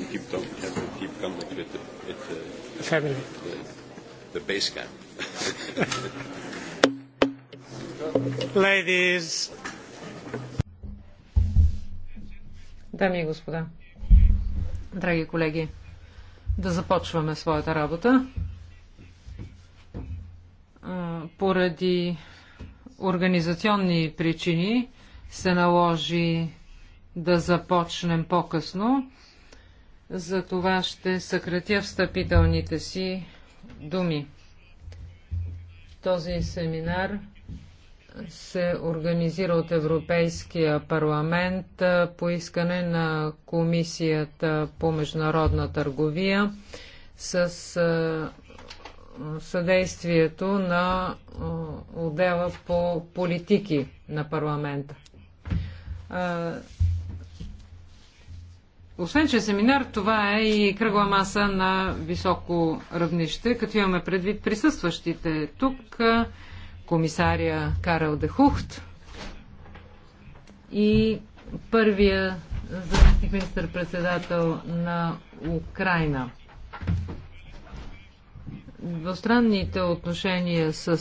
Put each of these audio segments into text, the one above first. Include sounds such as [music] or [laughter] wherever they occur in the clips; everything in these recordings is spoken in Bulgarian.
you keep coming, have to keep coming with the, with the family, the, the base camp. Ladies. Дами и господа, драги колеги, да започваме своята работа. Поради организационни причини се наложи да започнем по-късно. За това ще съкратя встъпителните си думи. Този семинар се организира от Европейския парламент по искане на Комисията по международна търговия с съдействието на отдела по политики на парламента. Освен, че семинар, това е и кръгла маса на високо равнище, като имаме предвид присъстващите тук, комисария Карел Дехухт и първия заместник министър-председател на Украина. Двустранните отношения с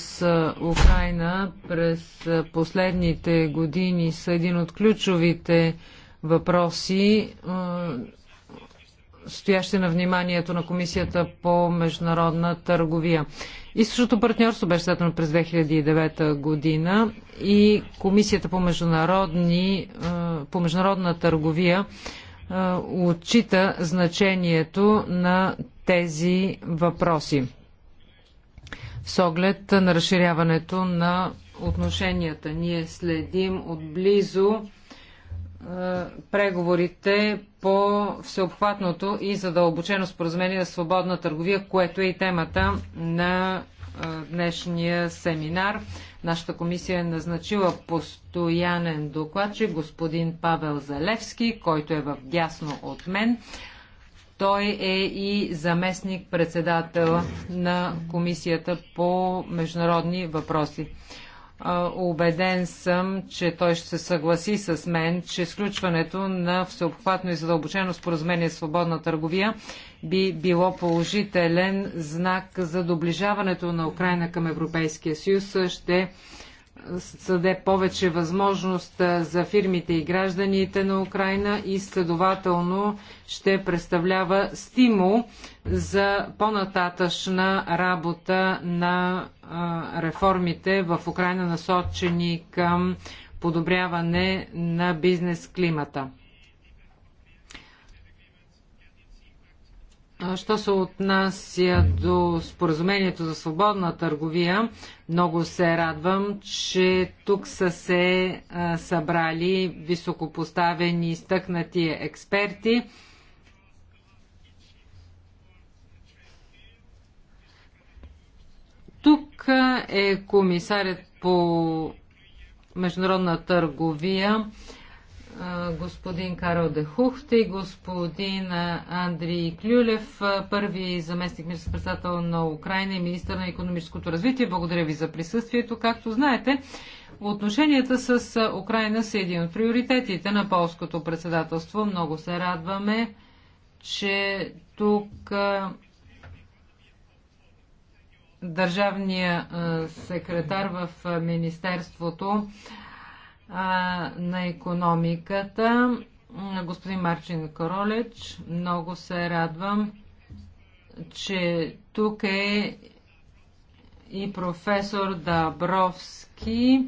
Украина през последните години са един от ключовите въпроси, стоящи на вниманието на Комисията по международна търговия. Източното партньорство беше създадено през 2009 година и Комисията по, международни, по международна търговия отчита значението на тези въпроси с оглед на разширяването на отношенията. Ние следим отблизо е, преговорите по всеобхватното и задълбочено споразумение за свободна търговия, което е и темата на е, днешния семинар. Нашата комисия е назначила постоянен докладчик господин Павел Залевски, който е в дясно от мен. Той е и заместник председател на Комисията по международни въпроси. Обеден съм, че той ще се съгласи с мен, че сключването на всеобхватно и задълбочено споразумение свободна търговия би било положителен знак за доближаването на Украина към Европейския съюз. Ще съде повече възможност за фирмите и гражданите на Украина и следователно ще представлява стимул за по-нататъчна работа на реформите в Украина, насочени към подобряване на бизнес климата. Що се отнася до споразумението за свободна търговия, много се радвам, че тук са се събрали високопоставени стъкнати експерти. Тук е комисарят по международна търговия господин Карл Дехухте и господин Андрий Клюлев, първи заместник министър председател на Украина и министър на економическото развитие. Благодаря ви за присъствието. Както знаете, отношенията с Украина са един от приоритетите на полското председателство. Много се радваме, че тук държавния секретар в Министерството а, на економиката, господин Марчин Королеч. Много се радвам, че тук е и професор Дабровски.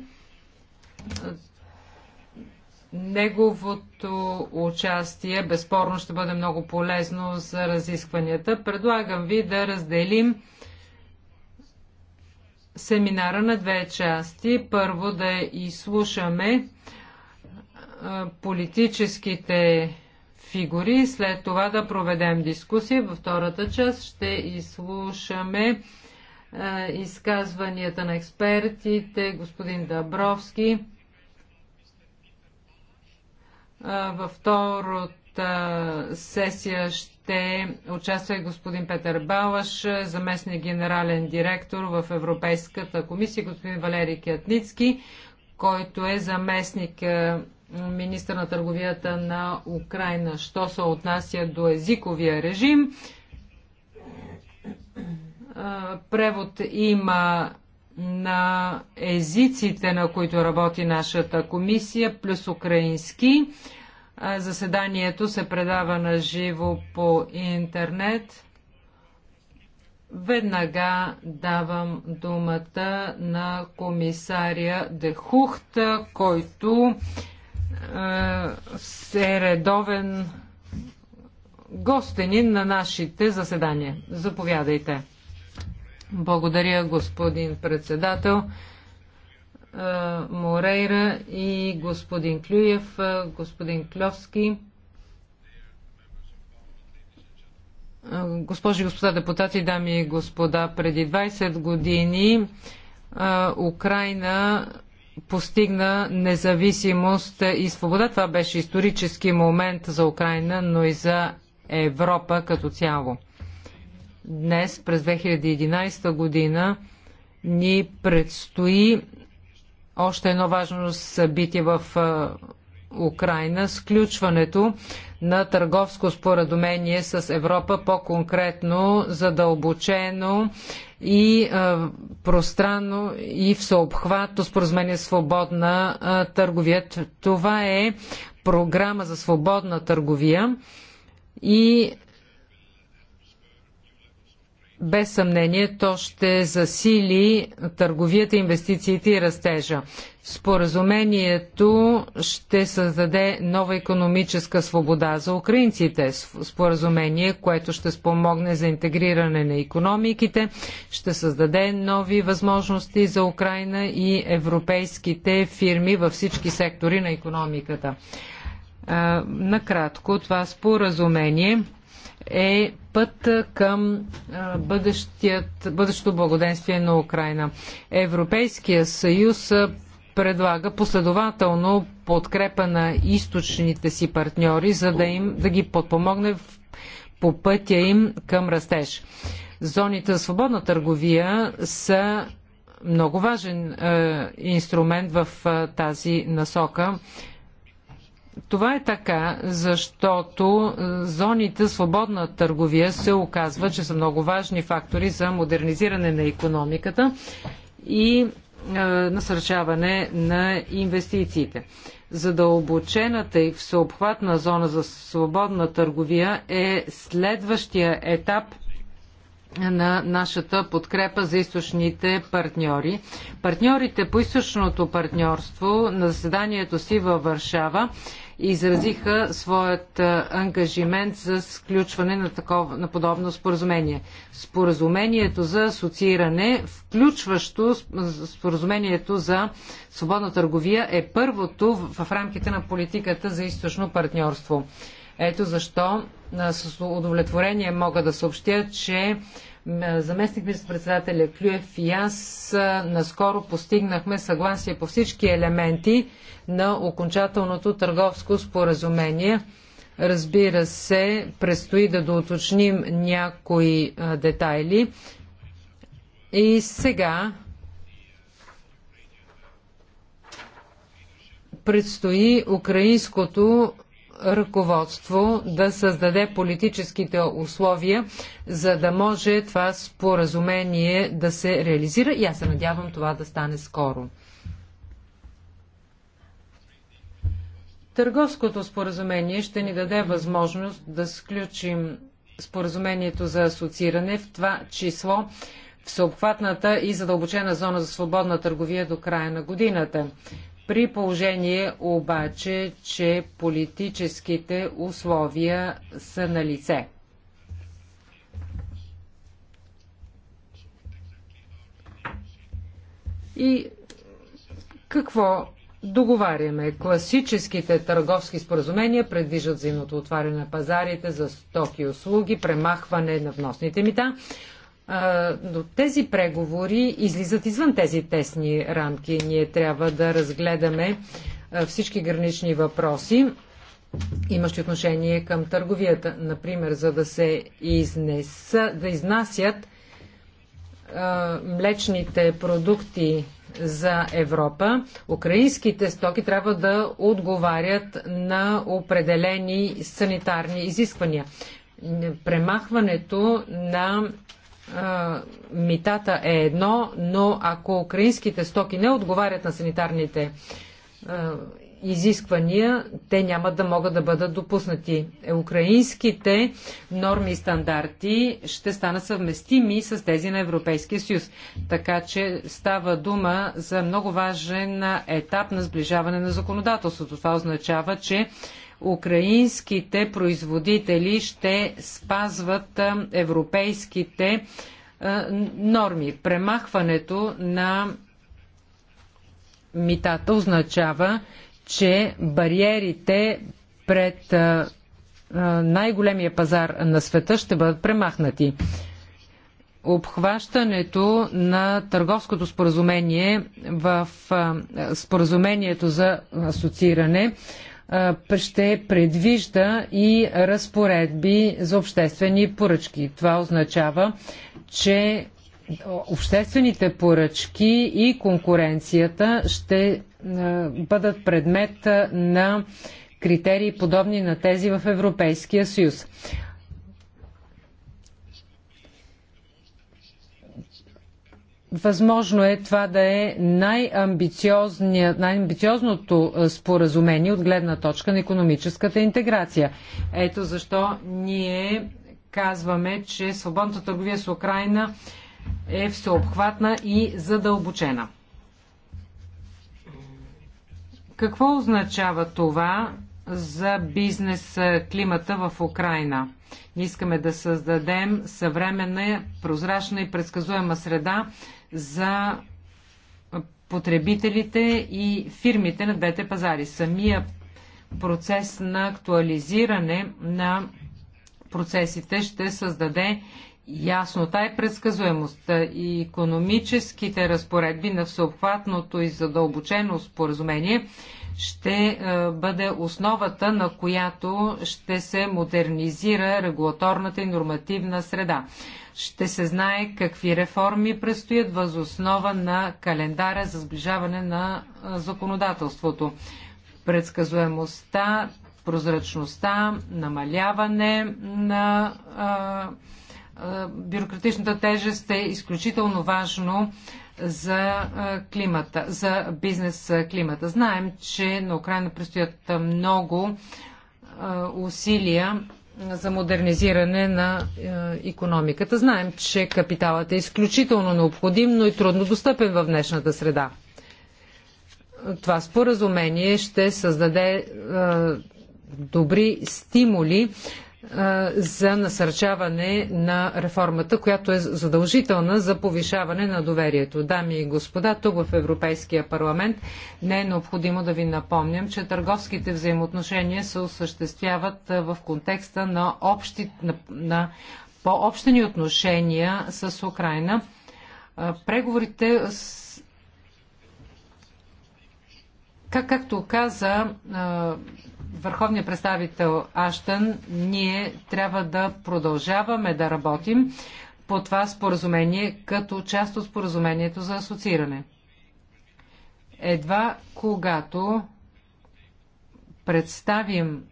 Неговото участие безспорно ще бъде много полезно за разискванията. Предлагам ви да разделим семинара на две части. Първо да изслушаме политическите фигури, след това да проведем дискусия. Във втората част ще изслушаме изказванията на експертите, господин Дъбровски. Във втората сесия ще ще участва и господин Петър Балаш, заместник генерален директор в Европейската комисия, господин Валерий Кятницки, който е заместник е, министър на търговията на Украина. Що се отнася до езиковия режим, е, превод има на езиците, на които работи нашата комисия, плюс украински. Заседанието се предава на живо по интернет. Веднага давам думата на комисаря Дехухта, който е редовен гостенин на нашите заседания. Заповядайте. Благодаря, господин председател. Морейра и господин Клюев, господин Клевски. Госпожи и господа депутати, дами и господа, преди 20 години Украина постигна независимост и свобода. Това беше исторически момент за Украина, но и за Европа като цяло. Днес, през 2011 година, ни предстои още едно важно събитие в Украина, сключването на търговско споразумение с Европа, по-конкретно задълбочено и а, пространно и съобхватно споразумение свободна а, търговия. Това е програма за свободна търговия и без съмнение то ще засили търговията, инвестициите и растежа. Споразумението ще създаде нова економическа свобода за украинците. Споразумение, което ще спомогне за интегриране на економиките, ще създаде нови възможности за Украина и европейските фирми във всички сектори на економиката. Накратко, това споразумение е път към бъдещото благоденствие на Украина. Европейския съюз предлага последователно подкрепа на източните си партньори, за да, им, да ги подпомогне в, по пътя им към растеж. Зоните за свободна търговия са много важен е, инструмент в е, тази насока. Това е така, защото е, зоните свободна търговия се оказва, че са много важни фактори за модернизиране на економиката и е, насърчаване на инвестициите. Задълбочената и всеобхватна зона за свободна търговия е следващия етап – на нашата подкрепа за източните партньори. Партньорите по източното партньорство на заседанието си във Варшава изразиха своят ангажимент за сключване на, такова, на подобно споразумение. Споразумението за асоцииране, включващо споразумението за свободна търговия, е първото в рамките на политиката за източно партньорство. Ето защо с удовлетворение мога да съобщя, че заместник министър председателя Клюев и аз наскоро постигнахме съгласие по всички елементи на окончателното търговско споразумение. Разбира се, предстои да доуточним някои детайли. И сега предстои украинското ръководство да създаде политическите условия, за да може това споразумение да се реализира и аз се надявам това да стане скоро. Търговското споразумение ще ни даде възможност да сключим споразумението за асоцииране в това число в съобхватната и задълбочена зона за свободна търговия до края на годината. При положение обаче, че политическите условия са на лице. И какво договаряме? Класическите търговски споразумения предвиждат взаимното отваряне на пазарите за стоки и услуги, премахване на вносните мита, но тези преговори излизат извън тези тесни рамки. Ние трябва да разгледаме всички гранични въпроси, имащи отношение към търговията. Например, за да се изнеса, да изнасят млечните продукти за Европа, украинските стоки трябва да отговарят на определени санитарни изисквания. Премахването на митата е едно, но ако украинските стоки не отговарят на санитарните изисквания, те няма да могат да бъдат допуснати. Е, украинските норми и стандарти ще станат съвместими с тези на Европейския съюз. Така че става дума за много важен етап на сближаване на законодателството. Това означава, че украинските производители ще спазват европейските норми. Премахването на митата означава, че бариерите пред най-големия пазар на света ще бъдат премахнати. Обхващането на търговското споразумение в споразумението за асоцииране ще предвижда и разпоредби за обществени поръчки. Това означава, че обществените поръчки и конкуренцията ще бъдат предмет на критерии подобни на тези в Европейския съюз. Възможно е това да е най-амбициозното най е, споразумение от гледна точка на економическата интеграция. Ето защо ние казваме, че свободната търговия с Украина е всеобхватна и задълбочена. Какво означава това за бизнес е, климата в Украина? Ние искаме да създадем съвременна, прозрачна и предсказуема среда за потребителите и фирмите на двете пазари. Самия процес на актуализиране на процесите ще създаде яснота и предсказуемост. И економическите разпоредби на всеобхватното и задълбочено споразумение ще е, бъде основата, на която ще се модернизира регулаторната и нормативна среда. Ще се знае какви реформи предстоят възоснова на календара за сближаване на е, законодателството. Предсказуемостта, прозрачността, намаляване на е, е, бюрократичната тежест е изключително важно за е, климата, за бизнес е, климата. Знаем, че на Украина предстоят много усилия за модернизиране на економиката. Знаем, че капиталът е изключително необходим, но и трудно достъпен в днешната среда. Това споразумение ще създаде добри стимули за насърчаване на реформата, която е задължителна за повишаване на доверието. Дами и господа, тук в Европейския парламент не е необходимо да ви напомням, че търговските взаимоотношения се осъществяват в контекста на, общи, на, на по-общени отношения с Украина. Преговорите с... Как, както каза върховния представител Аштън, ние трябва да продължаваме да работим по това споразумение като част от споразумението за асоцииране. Едва когато представим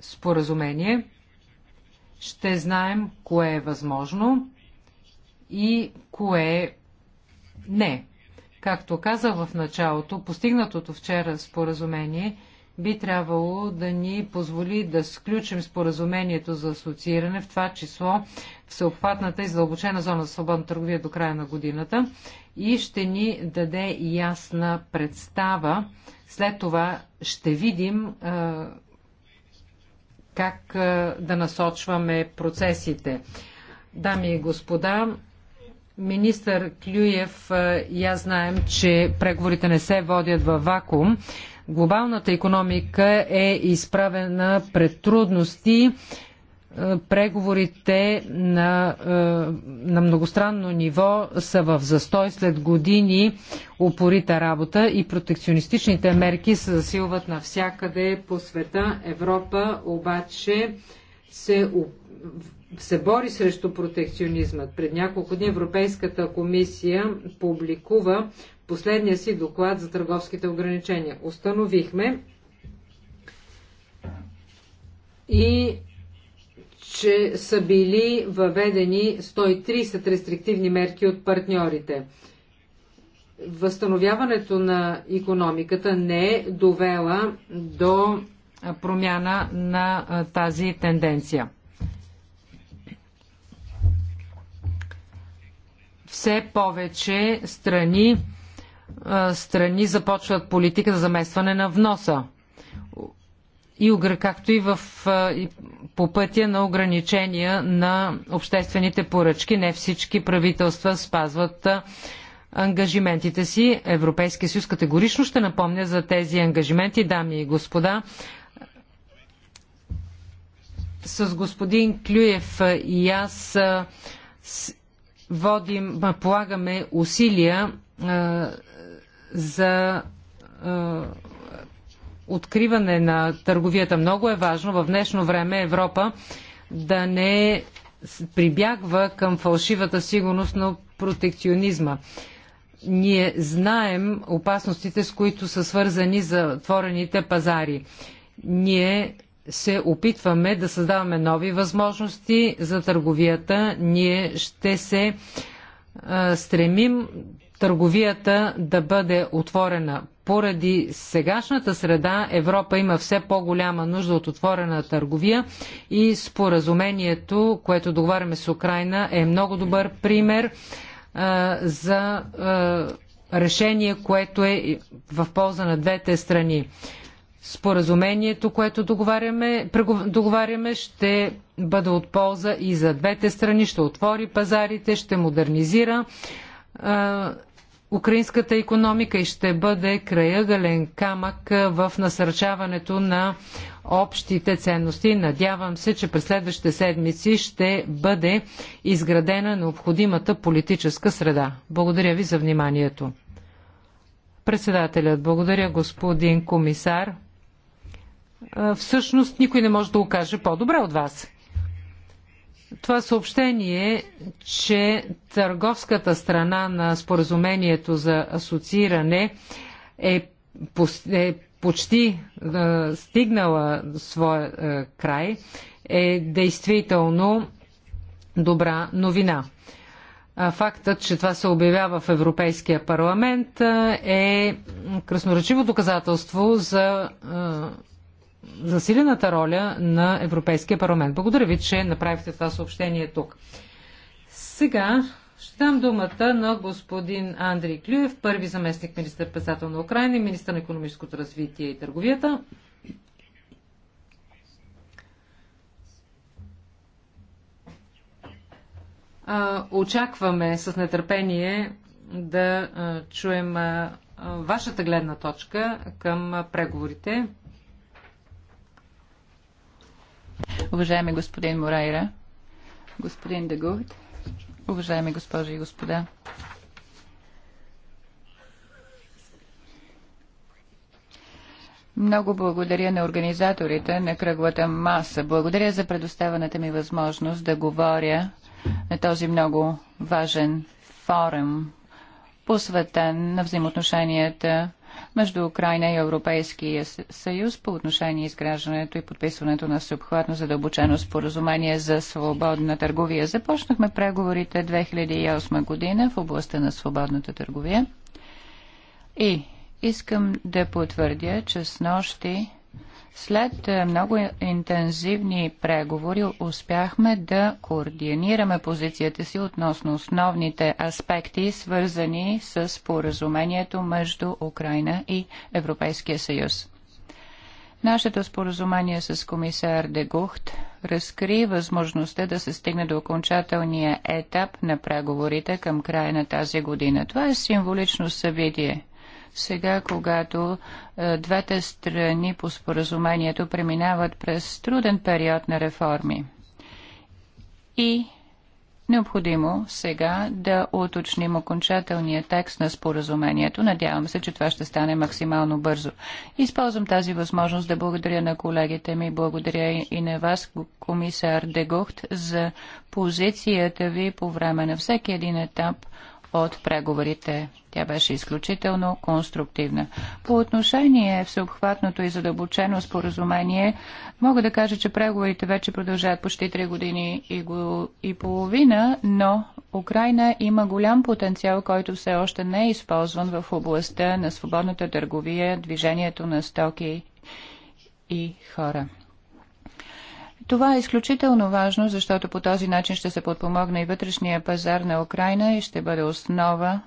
споразумение, ще знаем кое е възможно и кое не. Както казах в началото, постигнатото вчера споразумение – би трябвало да ни позволи да сключим споразумението за асоцииране, в това число в съобхватната и задълбочена зона за свободна търговия до края на годината и ще ни даде ясна представа. След това ще видим как да насочваме процесите. Дами и господа, министър Клюев я знаем, че преговорите не се водят във вакуум. Глобалната економика е изправена пред трудности. Е, преговорите на, е, на многостранно ниво са в застой след години упорита работа и протекционистичните мерки се засилват навсякъде по света. Европа обаче се се бори срещу протекционизмът. Пред няколко дни Европейската комисия публикува последния си доклад за търговските ограничения. Установихме и че са били въведени 130 рестриктивни мерки от партньорите. Възстановяването на економиката не е довела до промяна на тази тенденция. Все повече страни страни започват политика за заместване на вноса. И, както и, в, и по пътя на ограничения на обществените поръчки. Не всички правителства спазват ангажиментите си. Европейския съюз категорично ще напомня за тези ангажименти, дами и господа. С господин Клюев и аз водим, полагаме усилия за е, откриване на търговията. Много е важно в днешно време Европа да не прибягва към фалшивата сигурност на протекционизма. Ние знаем опасностите, с които са свързани затворените пазари. Ние се опитваме да създаваме нови възможности за търговията. Ние ще се е, стремим търговията да бъде отворена. Поради сегашната среда Европа има все по-голяма нужда от отворена търговия и споразумението, което договаряме с Украина, е много добър пример а, за а, решение, което е в полза на двете страни. Споразумението, което договаряме, договаряме ще бъде от полза и за двете страни, ще отвори пазарите, ще модернизира украинската економика и ще бъде краягален камък в насърчаването на общите ценности. Надявам се, че през следващите седмици ще бъде изградена необходимата политическа среда. Благодаря ви за вниманието. Председателят, благодаря господин комисар. Всъщност никой не може да го каже по-добре от вас това съобщение, че търговската страна на споразумението за асоцииране е, е почти е, стигнала своя е, край, е действително добра новина. Фактът, че това се обявява в Европейския парламент е красноречиво доказателство за е, засилената роля на Европейския парламент. Благодаря ви, че направихте това съобщение тук. Сега ще дам думата на господин Андрей Клюев, първи заместник министър-председател на Украина и министър на економическото развитие и търговията. Очакваме с нетърпение да чуем вашата гледна точка към преговорите Уважаеми господин Морайра, господин Дегуд, уважаеми госпожи и господа. Много благодаря на организаторите на кръглата маса. Благодаря за предоставената ми възможност да говоря на този много важен форум, посветен на взаимоотношенията между Украина и Европейския съюз по отношение изграждането и подписването на съобхватно задълбочено споразумение за свободна търговия. Започнахме преговорите 2008 година в областта на свободната търговия и искам да потвърдя, че с нощи след е, много интензивни преговори успяхме да координираме позицията си относно основните аспекти, свързани с поразумението между Украина и Европейския съюз. Нашето споразумение с комисар Дегухт разкри възможността да се стигне до окончателния етап на преговорите към края на тази година. Това е символично събитие – сега, когато е, двете страни по споразумението преминават през труден период на реформи. И необходимо сега да уточним окончателния текст на споразумението. Надявам се, че това ще стане максимално бързо. Използвам тази възможност да благодаря на колегите ми, благодаря и на вас, комисар Дегухт, за позицията ви по време на всеки един етап – от преговорите. Тя беше изключително конструктивна. По отношение всеобхватното и задълбочено споразумение, мога да кажа, че преговорите вече продължават почти 3 години и, го, и половина, но Украина има голям потенциал, който все още не е използван в областта на свободната търговия, движението на стоки и хора. Това е изключително важно, защото по този начин ще се подпомогне и вътрешния пазар на Украина и ще бъде основа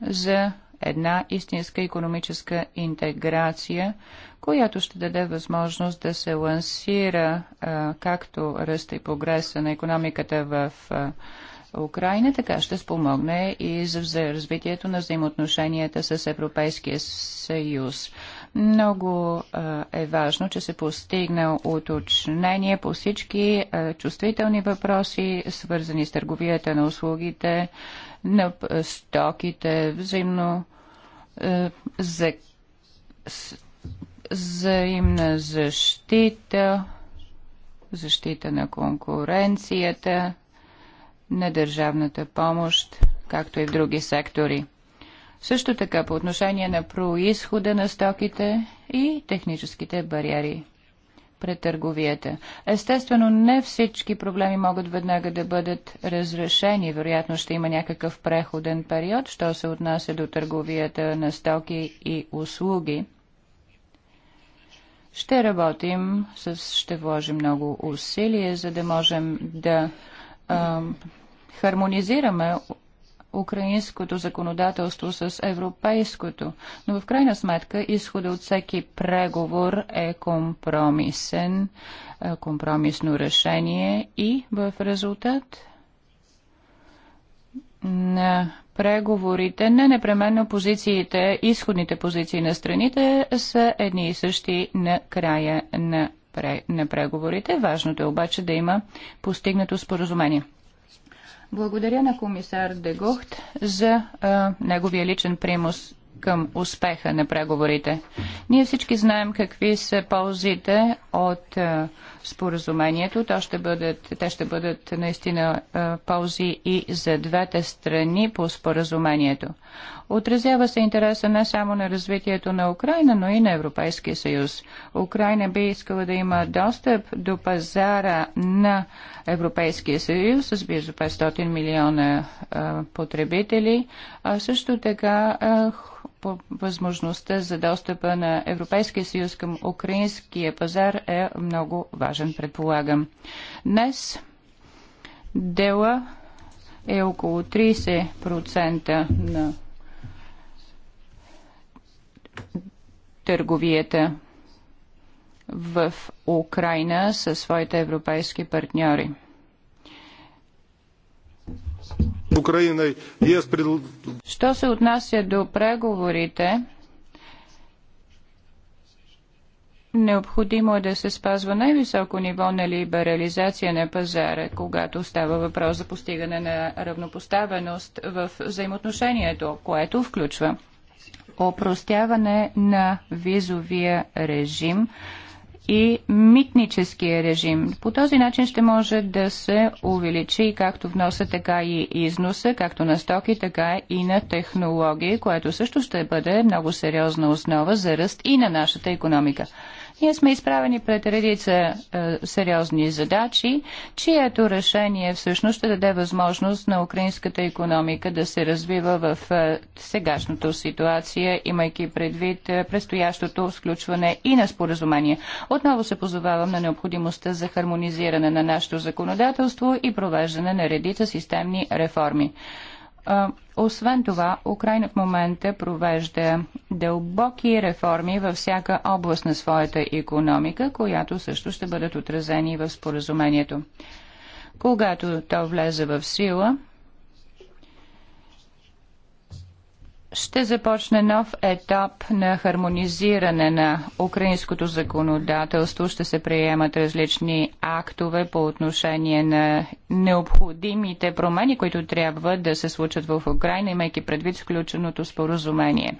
за една истинска економическа интеграция, която ще даде възможност да се лансира а, както ръста и прогреса на економиката в а, Украина, така ще спомогне и за развитието на взаимоотношенията с Европейския съюз. Много е важно, че се постигна уточнение по всички чувствителни въпроси, свързани с търговията на услугите, на стоките, взаимно за взаимна защита, защита на конкуренцията, на държавната помощ, както и в други сектори. Също така по отношение на происхода на стоките и техническите бариери пред търговията. Естествено, не всички проблеми могат веднага да бъдат разрешени. Вероятно ще има някакъв преходен период, що се отнася до търговията на стоки и услуги. Ще работим, с, ще вложим много усилия, за да можем да а, хармонизираме украинското законодателство с европейското. Но в крайна сметка изхода от всеки преговор е компромисен, е, компромисно решение и в резултат на преговорите, не непременно позициите, изходните позиции на страните са едни и същи на края на на преговорите. Важното е обаче да има постигнато споразумение. Благодаря на комисар Дегохт за а, неговия личен примус към успеха на преговорите. Ние всички знаем какви са ползите от а, споразумението. То ще бъдат, те ще бъдат наистина ползи и за двете страни по споразумението. Отразява се интереса не само на развитието на Украина, но и на Европейския съюз. Украина би искала да има достъп до пазара на Европейския съюз с близо 500 милиона потребители, а също така а, по възможността за достъпа на Европейския съюз към украинския пазар е много важен, предполагам. Днес дела е около 30% на търговията в Украина със своите европейски партньори. Що се отнася до преговорите, необходимо е да се спазва най-високо ниво на либерализация на пазара, когато става въпрос за постигане на равнопоставеност в взаимоотношението, което включва опростяване на визовия режим, и митническия режим. По този начин ще може да се увеличи както вноса, така и износа, както на стоки, така и на технологии, което също ще бъде много сериозна основа за ръст и на нашата економика. Ние сме изправени пред редица е, сериозни задачи, чието решение всъщност ще даде възможност на украинската економика да се развива в е, сегашната ситуация, имайки предвид е, предстоящото сключване и на споразумение. Отново се позовавам на необходимостта за хармонизиране на нашето законодателство и провеждане на редица системни реформи. Освен това, Украина в момента провежда дълбоки реформи във всяка област на своята економика, която също ще бъдат отразени в споразумението. Когато то влезе в сила, ще започне нов етап на хармонизиране на украинското законодателство. Ще се приемат различни актове по отношение на необходимите промени, които трябва да се случат в Украина, имайки предвид включеното споразумение.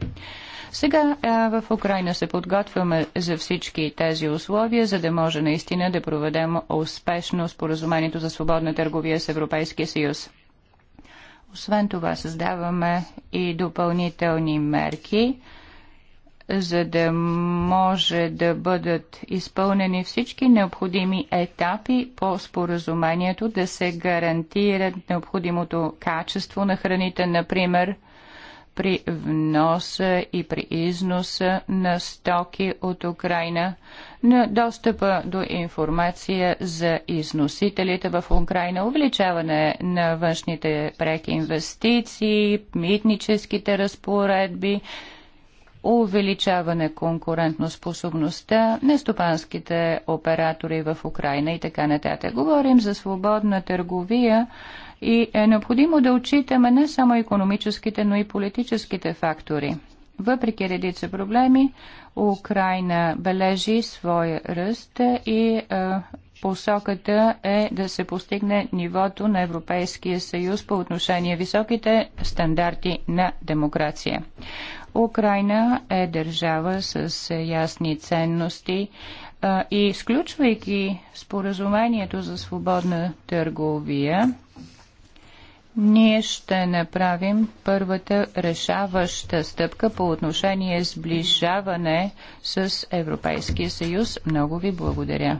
Сега в Украина се подготвяме за всички тези условия, за да може наистина да проведем успешно споразумението за свободна търговия с Европейския съюз. Освен това създаваме и допълнителни мерки, за да може да бъдат изпълнени всички необходими етапи по споразумението, да се гарантират необходимото качество на храните, например – при вноса и при износа на стоки от Украина, на достъпа до информация за износителите в Украина, увеличаване на външните преки инвестиции, митническите разпоредби, увеличаване конкурентоспособността на стопанските оператори в Украина и така нататък. Говорим за свободна търговия и е необходимо да отчитаме не само економическите, но и политическите фактори. Въпреки редица проблеми, Украина бележи своя ръст и е, посоката е да се постигне нивото на Европейския съюз по отношение високите стандарти на демокрация. Украина е държава с ясни ценности е, и изключвайки споразумението за свободна търговия, ние ще направим първата решаваща стъпка по отношение сближаване с Европейския съюз. Много ви благодаря.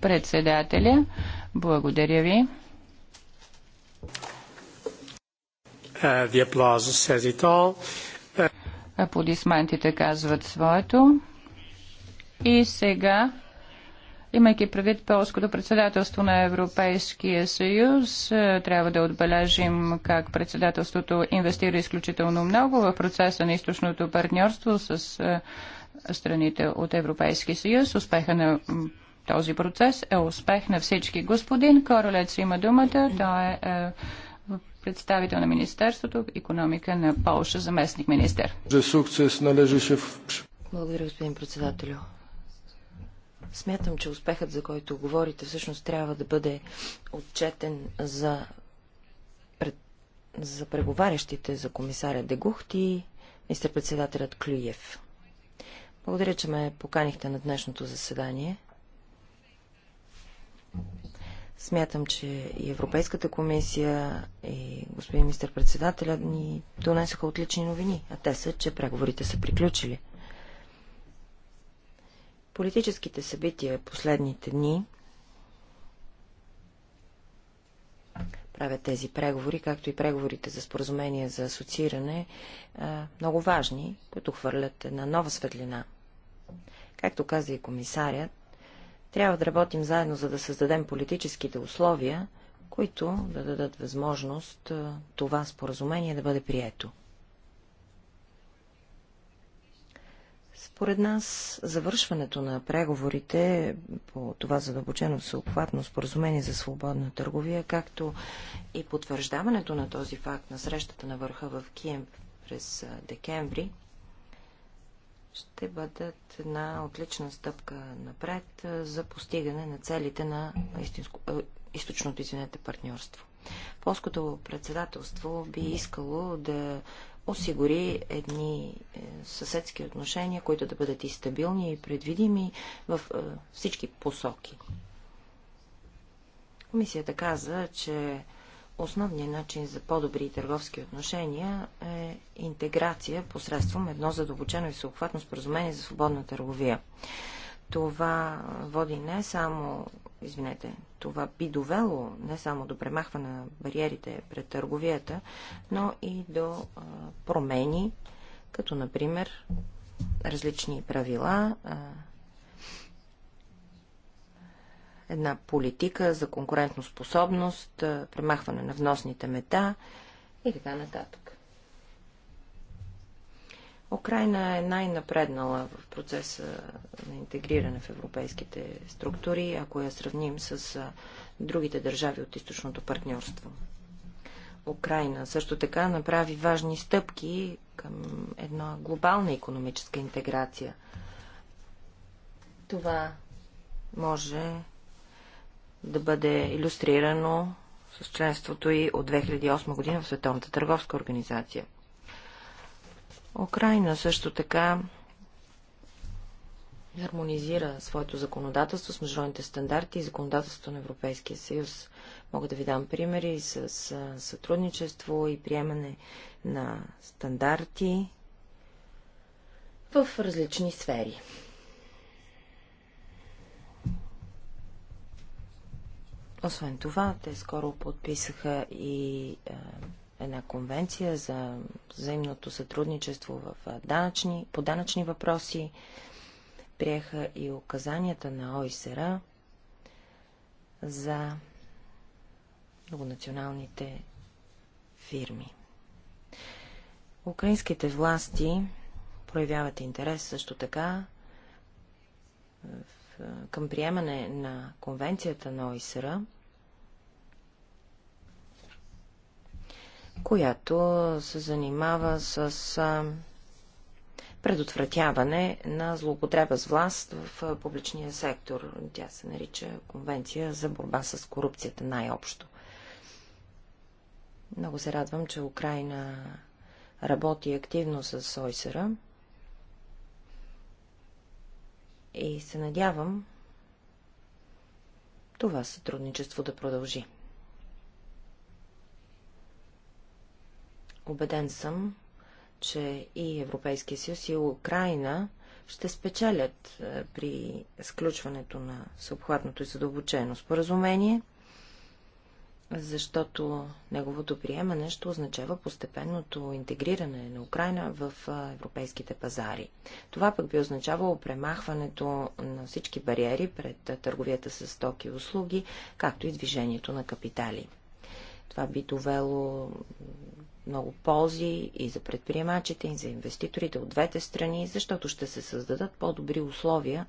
Председателя, благодаря ви. Uh, uh, Аплодисментите казват своето. И сега Имайки предвид полското председателство на Европейския съюз, е, трябва да отбележим как председателството инвестира изключително много в процеса на източното партньорство с е, страните от Европейския съюз. Успеха на този процес е успех на всички. Господин Королец има думата. Той е, е представител на Министерството економика на Полша, заместник министър. Благодаря, господин председателю. Смятам, че успехът, за който говорите, всъщност трябва да бъде отчетен за, пред... за преговарящите за комисаря Дегухт и министър-председателят Клюев. Благодаря, че ме поканихте на днешното заседание. Смятам, че и Европейската комисия, и господин министър-председателя ни донесоха отлични новини, а те са, че преговорите са приключили. Политическите събития последните дни правят тези преговори, както и преговорите за споразумение за асоцииране, много важни, които хвърлят една нова светлина. Както каза и комисарят, трябва да работим заедно, за да създадем политическите условия, които да дадат възможност това споразумение да бъде прието. Според нас, завършването на преговорите по това задълбочено всеобхватно споразумение за свободна търговия, както и потвърждаването на този факт на срещата на върха в Киев през декември, ще бъдат една отлична стъпка напред за постигане на целите на истинско, източното извинете партньорство. Полското председателство би искало да осигури едни е, съседски отношения, които да бъдат и стабилни, и предвидими в е, всички посоки. Комисията каза, че основният начин за по-добри търговски отношения е интеграция посредством едно задълбочено и съобхватно споразумение за свободна търговия. Това води не само извинете, това би довело не само до премахване на бариерите пред търговията, но и до а, промени, като например различни правила, а, една политика за конкурентоспособност, а, премахване на вносните мета и така нататък. Украина е най-напреднала в процеса на интегриране в европейските структури, ако я сравним с другите държави от източното партньорство. Украина също така направи важни стъпки към една глобална економическа интеграция. Това може да бъде иллюстрирано с членството и от 2008 година в Световната търговска организация – Украина също така хармонизира своето законодателство с международните стандарти и законодателството на Европейския съюз. Мога да ви дам примери с, с сътрудничество и приемане на стандарти в различни сфери. Освен това, те скоро подписаха и една конвенция за взаимното сътрудничество в данъчни, по данъчни въпроси. Приеха и указанията на ОИСРА за многонационалните фирми. Украинските власти проявяват интерес също така е, към приемане на конвенцията на ОИСР която се занимава с предотвратяване на злоупотреба с власт в публичния сектор. Тя се нарича Конвенция за борба с корупцията най-общо. Много се радвам, че Украина работи активно с Сойсера. и се надявам това сътрудничество да продължи. Обеден съм, че и Европейския съюз и Украина ще спечелят е, при сключването на съобхватното и задълбочено споразумение, защото неговото приемане ще означава постепенното интегриране на Украина в е, европейските пазари. Това пък би означавало премахването на всички бариери пред е, търговията с стоки и услуги, както и движението на капитали. Това би довело много ползи и за предприемачите, и за инвеститорите от двете страни, защото ще се създадат по-добри условия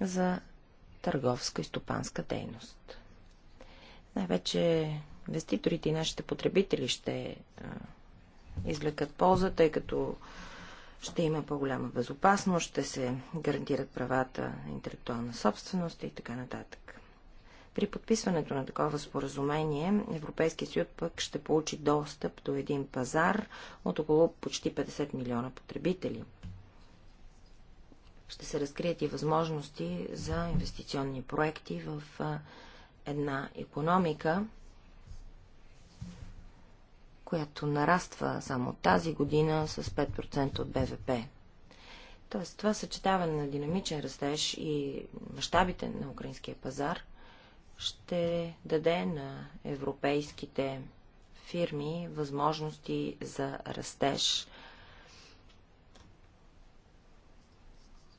за търговска и стопанска дейност. Най-вече инвеститорите и нашите потребители ще извлекат полза, тъй като ще има по-голяма безопасност, ще се гарантират правата на интелектуална собственост и така нататък. При подписването на такова споразумение Европейския съюз пък ще получи достъп до един пазар от около почти 50 милиона потребители. Ще се разкрият и възможности за инвестиционни проекти в една економика, която нараства само тази година с 5% от БВП. Тоест, това съчетаване на динамичен растеж и мащабите на украинския пазар ще даде на европейските фирми възможности за растеж.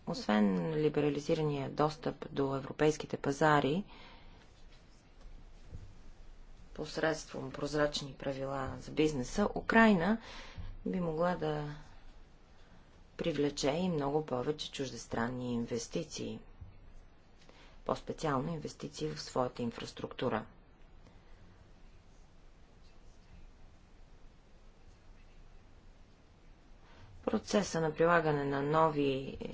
Освен либерализирания достъп до европейските пазари, посредством прозрачни правила за бизнеса, Украина би могла да привлече и много повече чуждестранни инвестиции по-специално инвестиции в своята инфраструктура. Процеса на прилагане на нови е,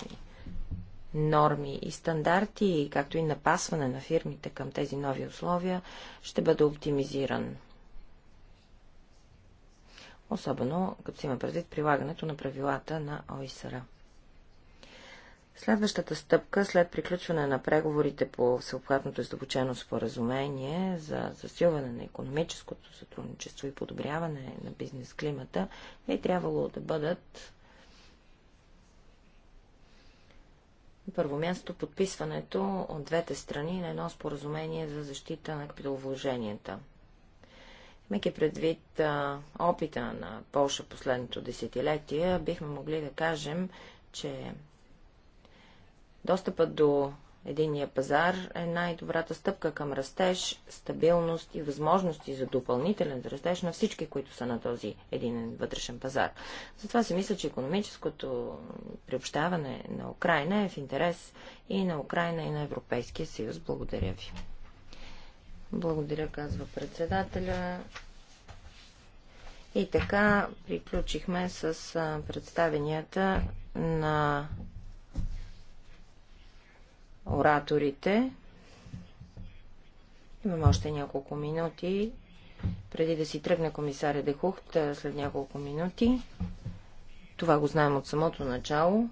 норми и стандарти, както и напасване на фирмите към тези нови условия, ще бъде оптимизиран. Особено като си има предвид прилагането на правилата на ОИСРА. Следващата стъпка след приключване на преговорите по всеобхватното издобучено споразумение за засилване на економическото сътрудничество и подобряване на бизнес климата е трябвало да бъдат на първо място подписването от двете страни на едно споразумение за защита на капиталовложенията. Имайки предвид а, опита на Польша последното десетилетие, бихме могли да кажем, че Достъпът до единия пазар е най-добрата стъпка към растеж, стабилност и възможности за допълнителен растеж на всички, които са на този един вътрешен пазар. Затова си мисля, че економическото приобщаване на Украина е в интерес и на Украина, и на Европейския съюз. Благодаря ви. Благодаря, казва председателя. И така приключихме с представенията на ораторите. Имам още няколко минути. Преди да си тръгне комисаря Дехухт след няколко минути. Това го знаем от самото начало.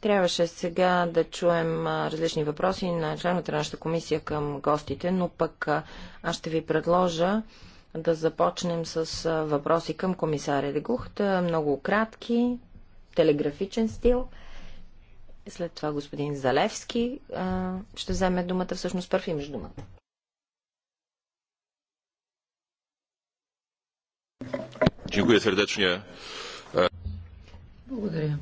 Трябваше сега да чуем различни въпроси на членовете на нашата комисия към гостите, но пък аз ще ви предложа да започнем с въпроси към комисаря Дегухт. Много кратки, телеграфичен стил. След това господин Залевски а, ще вземе думата. Всъщност първи имаш думата. Dziękuję serdecznie. Благодаря.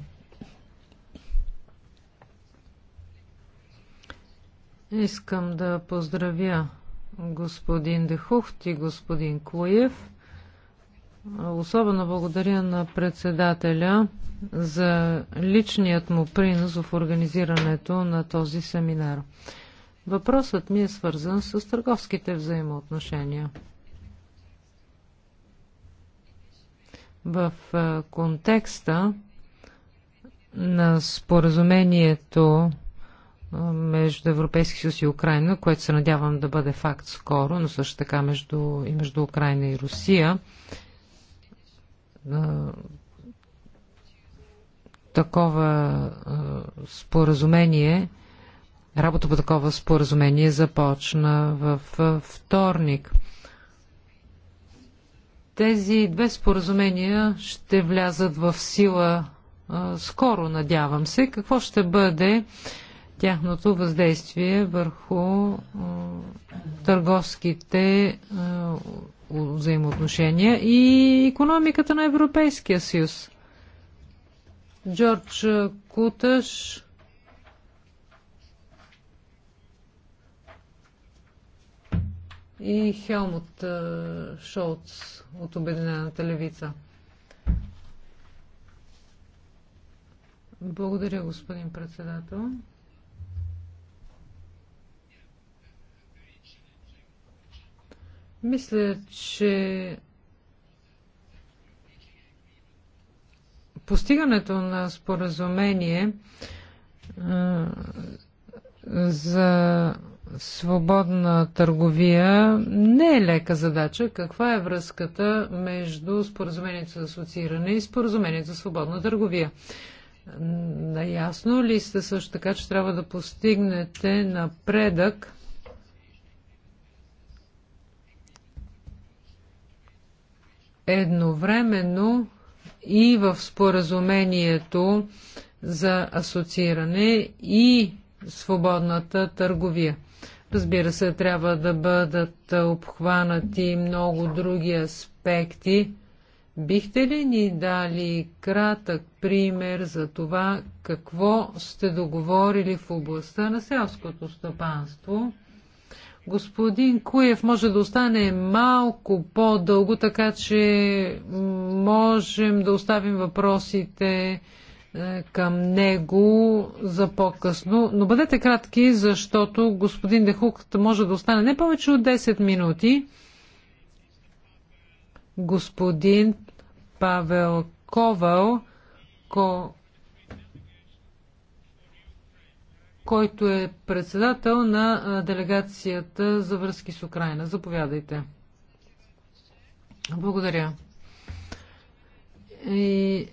Искам да поздравя господин Дехухт и господин Клоев Особено благодаря на председателя за личният му принос в организирането на този семинар. Въпросът ми е свързан с търговските взаимоотношения. В контекста на споразумението между Европейски съюз и Украина, което се надявам да бъде факт скоро, но също така между, и между Украина и Русия, такова а, споразумение, работа по такова споразумение започна в вторник. Тези две споразумения ще влязат в сила а, скоро, надявам се. Какво ще бъде тяхното въздействие върху а, търговските а, взаимоотношения и економиката на Европейския съюз. Джордж Куташ и Хелмут Шолц от Обединената левица. Благодаря, господин председател. Мисля, че постигането на споразумение за свободна търговия не е лека задача. Каква е връзката между споразумението за асоцииране и споразумението за свободна търговия? Наясно ли сте също така, че трябва да постигнете напредък Едновременно и в споразумението за асоцииране и свободната търговия. Разбира се, трябва да бъдат обхванати много други аспекти. Бихте ли ни дали кратък пример за това какво сте договорили в областта на селското стопанство? Господин Куев може да остане малко по-дълго, така че можем да оставим въпросите е, към него за по-късно. Но бъдете кратки, защото господин Дехук може да остане не повече от 10 минути. Господин Павел Ковал, ко който е председател на делегацията за връзки с Украина. Заповядайте. Благодаря. И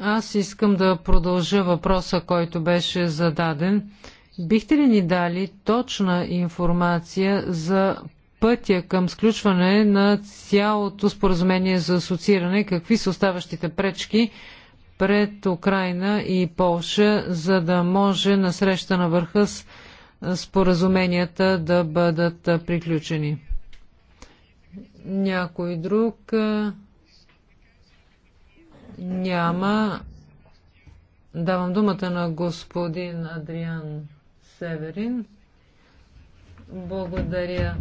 аз искам да продължа въпроса, който беше зададен. Бихте ли ни дали точна информация за пътя към сключване на цялото споразумение за асоцииране? Какви са оставащите пречки? пред Украина и Полша, за да може на среща на върха с споразуменията да бъдат приключени. Някой друг няма. Давам думата на господин Адриан Северин. Благодаря,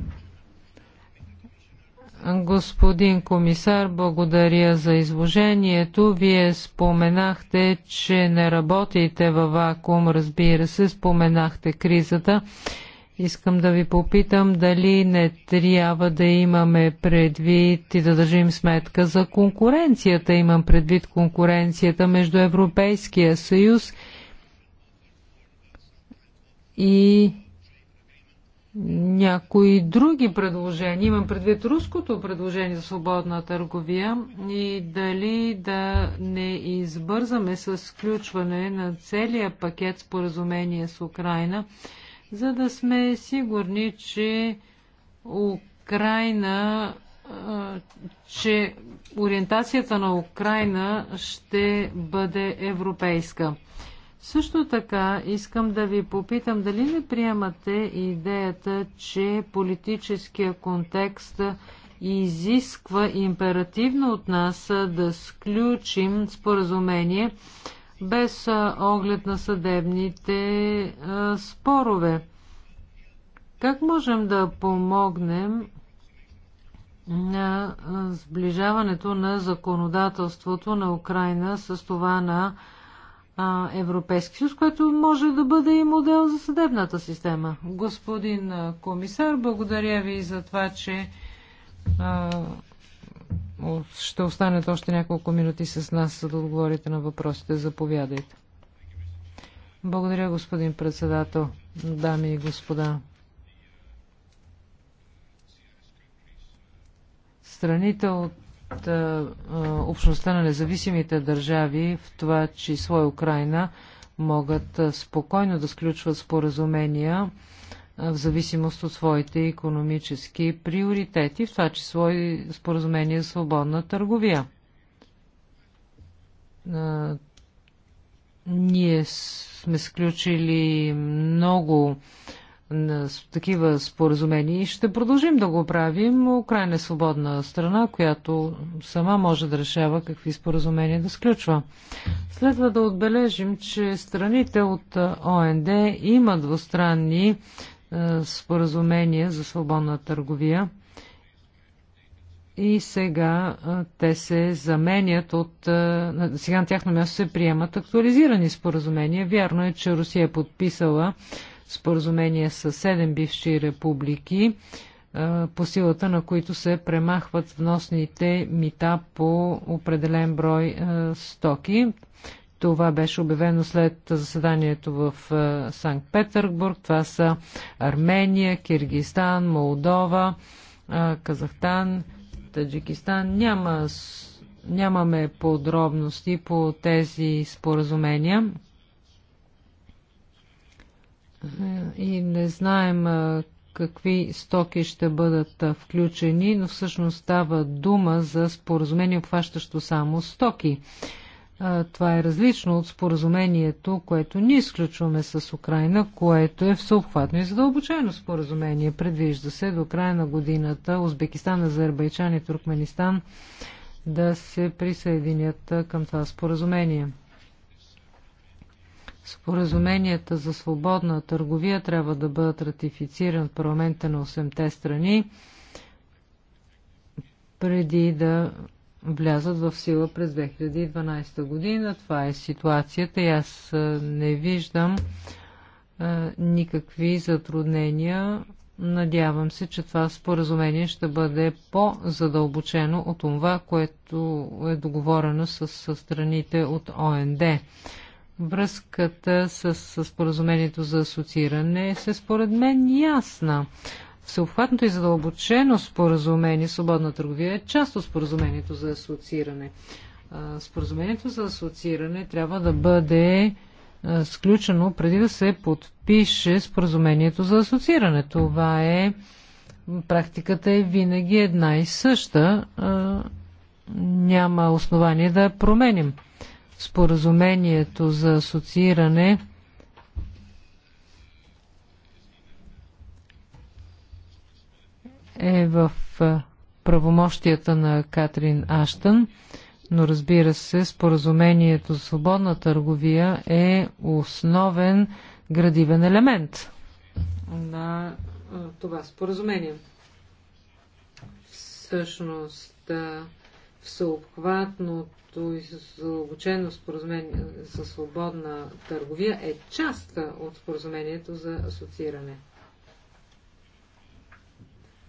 Господин комисар, благодаря за изложението. Вие споменахте, че не работите във вакуум, разбира се, споменахте кризата. Искам да ви попитам дали не трябва да имаме предвид и да държим сметка за конкуренцията. Имам предвид конкуренцията между Европейския съюз и някои други предложения, имам предвид руското предложение за свободна търговия и дали да не избързаме с включване на целия пакет споразумение с Украина, за да сме сигурни, че Украина че ориентацията на Украина ще бъде европейска. Също така искам да ви попитам дали не приемате идеята, че политическия контекст изисква императивно от нас да сключим споразумение без оглед на съдебните спорове. Как можем да помогнем на сближаването на законодателството на Украина с това на а, Европейски съюз, което може да бъде и модел за съдебната система. Господин комисар, благодаря ви за това, че а, ще останете още няколко минути с нас, за да отговорите на въпросите. Заповядайте. Благодаря, господин председател, дами и господа. Страните от от общността на независимите държави, в това число и Украина, могат спокойно да сключват споразумения в зависимост от своите економически приоритети, в това число и споразумение за свободна търговия. Ние сме сключили много на такива споразумения и ще продължим да го правим. Украина е свободна страна, която сама може да решава какви споразумения да сключва. Следва да отбележим, че страните от ОНД имат двустранни споразумения за свободна търговия и сега те се заменят от... сега на тяхно място се приемат актуализирани споразумения. Вярно е, че Русия е подписала споразумение с 7 бивши републики, по силата на които се премахват вносните мита по определен брой стоки. Това беше обявено след заседанието в Санкт Петербург. Това са Армения, Киргистан, Молдова, Казахстан, Таджикистан. Няма, нямаме подробности по тези споразумения и не знаем какви стоки ще бъдат включени, но всъщност става дума за споразумение, обхващащо само стоки. Това е различно от споразумението, което ние изключваме с Украина, което е всеобхватно и задълбочено споразумение. Предвижда се до края на годината Узбекистан, Азербайджан и Туркменистан да се присъединят към това споразумение. Споразуменията за свободна търговия трябва да бъдат ратифицирани от парламента на 8-те страни преди да влязат в сила през 2012 година. Това е ситуацията и аз не виждам а, никакви затруднения. Надявам се, че това споразумение ще бъде по-задълбочено от това, което е договорено с, с страните от ОНД. Връзката с споразумението за асоцииране се според мен ясна. Всеобхватното и задълбочено споразумение свободна търговия е част от споразумението за асоцииране. Споразумението за асоцииране трябва да бъде сключено преди да се подпише споразумението за асоцииране. Това е практиката е винаги една и съща. Няма основание да я променим споразумението за асоцииране е в правомощията на Катрин Аштън, но разбира се, споразумението за свободна търговия е основен градивен елемент на това споразумение. Всъщност, всеобхватното и задълбочено споразумение за свободна търговия е част от споразумението за асоцииране.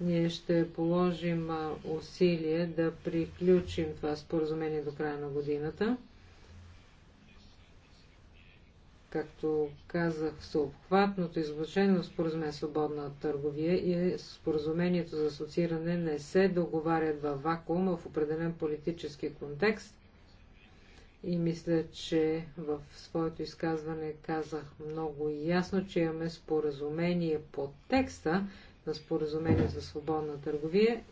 Ние ще положим усилие да приключим това споразумение до края на годината. Както казах, всеобхватното изглашение на споразумение свободна търговия и споразумението за асоцииране не се договарят във вакуум, а в определен политически контекст. И мисля, че в своето изказване казах много ясно, че имаме споразумение по текста на споразумение за свободна търговия,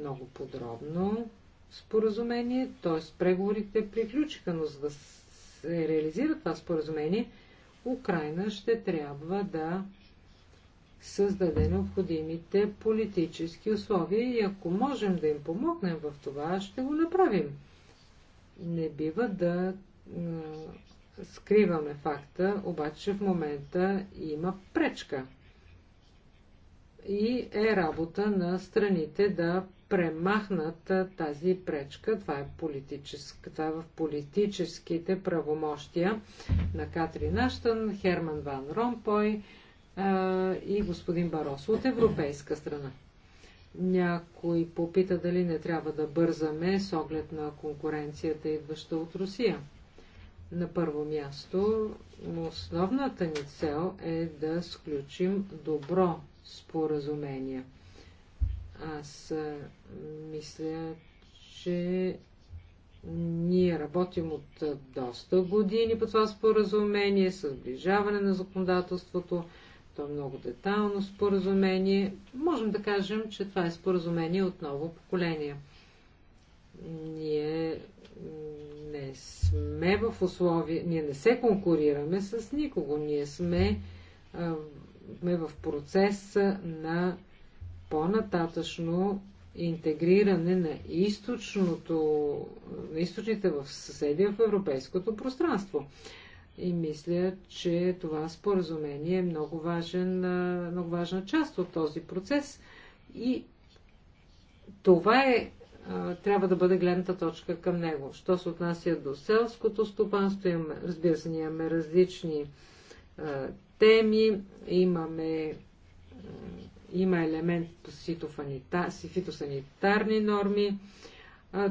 много подробно споразумение, т.е. преговорите приключиха, но за да се реализира това споразумение, Украина ще трябва да създаде необходимите политически условия и ако можем да им помогнем в това, ще го направим. Не бива да скриваме факта, обаче в момента има пречка. И е работа на страните да премахнат тази пречка. Това е, политическа, това е в политическите правомощия на Катрин Аштън, Херман Ван Ромпой а, и господин Баросо от европейска страна. Някой попита дали не трябва да бързаме с оглед на конкуренцията, идваща от Русия. На първо място, основната ни цел е да сключим добро споразумение – аз мисля, че ние работим от доста години по това споразумение, с ближаване на законодателството. То е много детайлно споразумение. Можем да кажем, че това е споразумение от ново поколение. Ние не сме в условия, ние не се конкурираме с никого, ние сме, а, сме в процес на по-нататъчно интегриране на, източното, на източните в съседи в европейското пространство. И мисля, че това споразумение е много, важен, много важна част от този процес. И това е, трябва да бъде гледната точка към него. Що се отнася до селското стопанство, разбира се, ние имаме различни а, теми, имаме има елемент с фитосанитарни норми.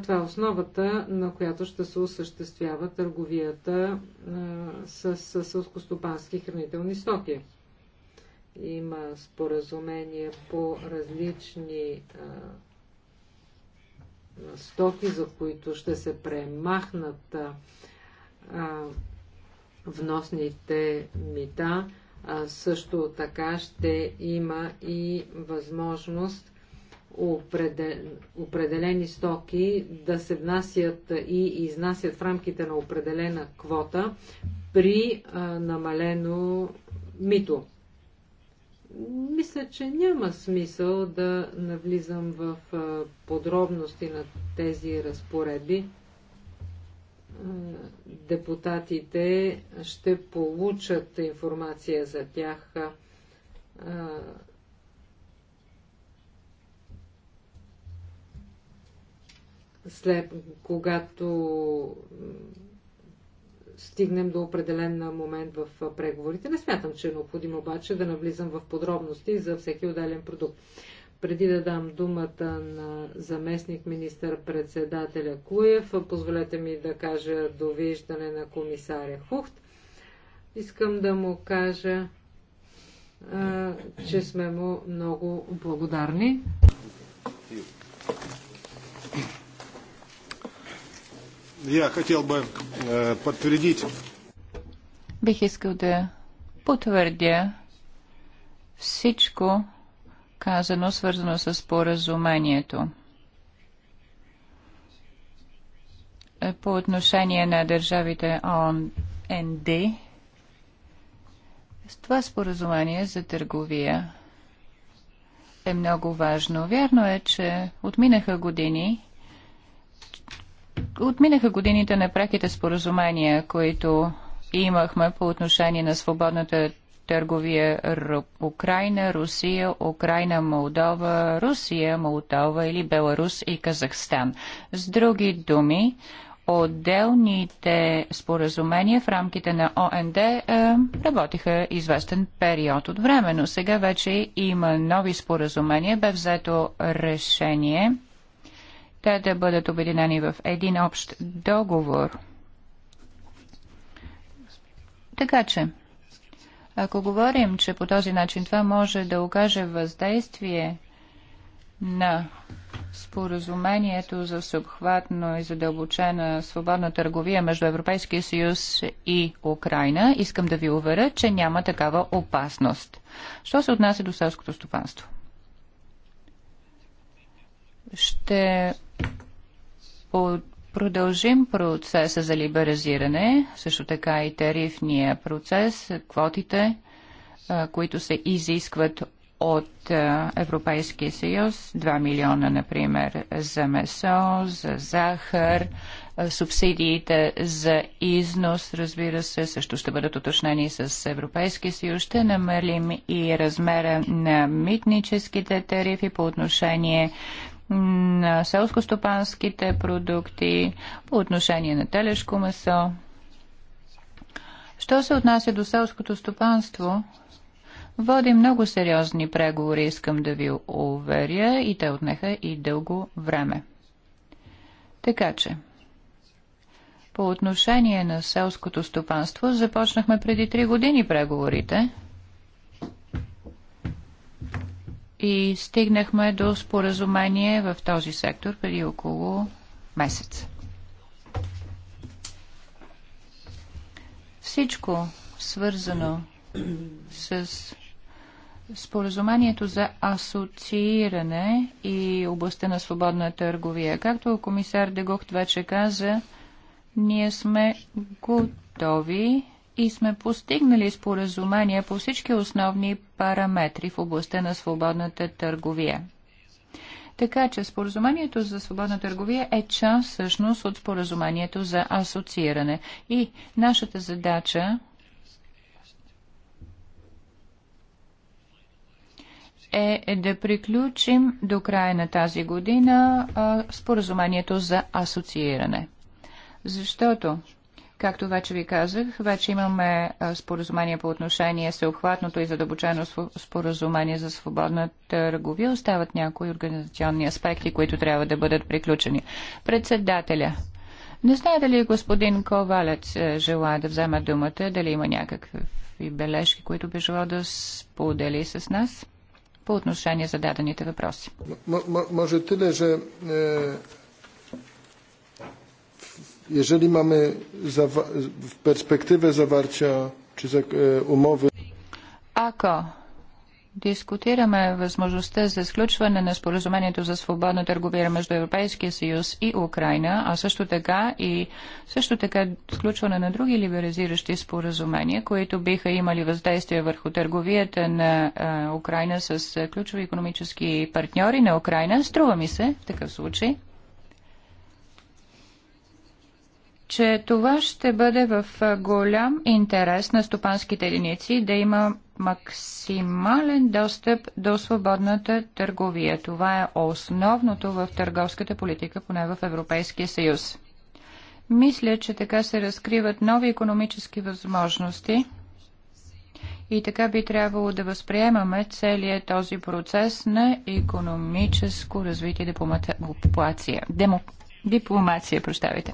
Това е основата, на която ще се осъществява търговията с сълскостопански хранителни стоки. Има споразумение по различни стоки, за които ще се премахнат вносните мита. Също така ще има и възможност определени стоки да се внасят и изнасят в рамките на определена квота при намалено мито. Мисля, че няма смисъл да навлизам в подробности на тези разпоредби депутатите ще получат информация за тях. След когато стигнем до определен момент в преговорите. Не смятам, че е необходимо обаче да навлизам в подробности за всеки отделен продукт. Преди да дам думата на заместник министър-председателя Куев, позволете ми да кажа довиждане на комисаря Хухт. Искам да му кажа, а, че сме му много благодарни. Я хотел бы э, подтвердить. Бих искал да потвърдя всичко, казано, свързано с споразумението. Е, по отношение на държавите ОНД, това споразумение за търговия е много важно. Вярно е, че отминаха години, отминаха годините на праките споразумения, които имахме по отношение на свободната търговия Украина, Русия, Украина, Молдова, Русия, Молдова или Беларус и Казахстан. С други думи, отделните споразумения в рамките на ОНД е, работиха известен период от време, но сега вече има нови споразумения. Бе взето решение те да бъдат обединени в един общ договор. Така че, ако говорим, че по този начин това може да окаже въздействие на споразумението за съобхватно и задълбочена свободна търговия между Европейския съюз и Украина, искам да ви уверя, че няма такава опасност. Що се отнася до селското стопанство? Ще продължим процеса за либерализиране, също така и тарифния процес, квотите, които се изискват от Европейския съюз, 2 милиона, например, за месо, за захар, субсидиите за износ, разбира се, също ще бъдат уточнени с Европейския съюз. Ще намалим и размера на митническите тарифи по отношение на селскостопанските продукти, по отношение на телешко месо. Що се отнася до селското стопанство, води много сериозни преговори, искам да ви уверя, и те отнеха и дълго време. Така че, по отношение на селското стопанство започнахме преди три години преговорите – и стигнахме до споразумение в този сектор преди около месец. Всичко свързано с споразумението за асоцииране и областта на свободна търговия. Както комисар Дегухт вече каза, ние сме готови и сме постигнали споразумение по всички основни параметри в областта на свободната търговия. Така че споразумението за свободна търговия е част всъщност от споразумението за асоцииране. И нашата задача е да приключим до края на тази година а, споразумението за асоцииране. Защото Както вече ви казах, вече имаме споразумение по отношение всеобхватното и задълбочено споразумение за свободна търговия. Остават някои организационни аспекти, които трябва да бъдат приключени. Председателя. Не знае дали господин Ковалец е, желая да взема думата, дали има някакви бележки, които би желал да сподели с нас по отношение зададените въпроси. М- ли же jeżeli mamy perspektywę zawarcia czy e, umowy. Ако дискутираме възможността за сключване на споразумението за свободна търговия между Европейския съюз и Украина, а също така и също така сключване на други либерализиращи споразумения, които биха имали въздействие върху търговията на а, Украина с ключови економически партньори на Украина, струва ми се в такъв случай че това ще бъде в голям интерес на стопанските единици да има максимален достъп до свободната търговия. Това е основното в търговската политика, поне в Европейския съюз. Мисля, че така се разкриват нови економически възможности и така би трябвало да възприемаме целият този процес на економическо развитие дипломация. Демо, дипломация, прощавайте.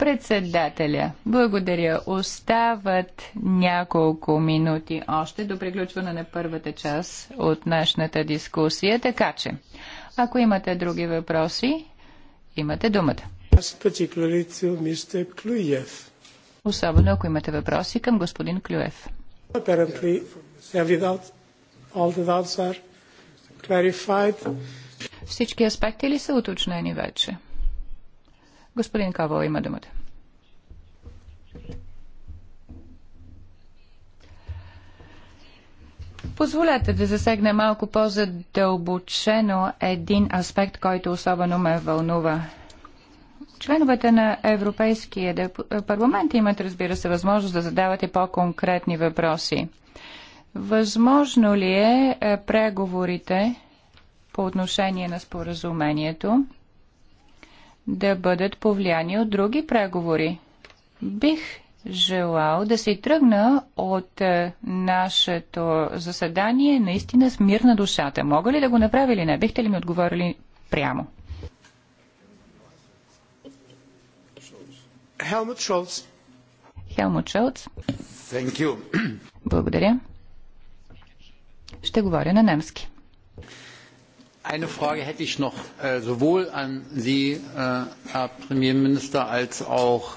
Председателя, благодаря. Остават няколко минути още до приключване на първата част от днешната дискусия, така че, ако имате други въпроси, имате думата. Особено ако имате въпроси към господин Клюев. Всички аспекти ли са уточнени вече? Господин Кавал има думата. Позволете да засегне малко по-задълбочено един аспект, който особено ме вълнува. Членовете на Европейския парламент имат, разбира се, възможност да задавате по-конкретни въпроси. Възможно ли е, е преговорите по отношение на споразумението да бъдат повлияни от други преговори. Бих желал да се тръгна от е, нашето заседание наистина с мир на душата. Мога ли да го направя или не? Бихте ли ми отговорили прямо? Хелмут Шолц. Хелмут Шолц. Благодаря. Ще говоря на немски. Eine Frage hätte ich noch äh, sowohl an Sie, äh, Herr Premierminister, als auch.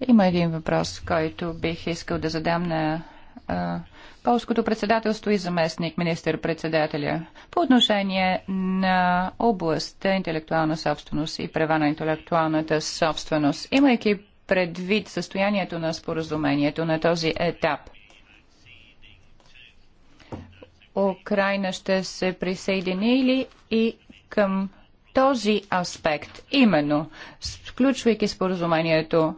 Има един въпрос, който бих искал да задам на а, полското председателство и заместник министър-председателя по отношение на областта интелектуална собственост и права на интелектуалната собственост, имайки предвид състоянието на споразумението на този етап – Украина ще се присъедини ли и към този аспект, именно, включвайки споразумението,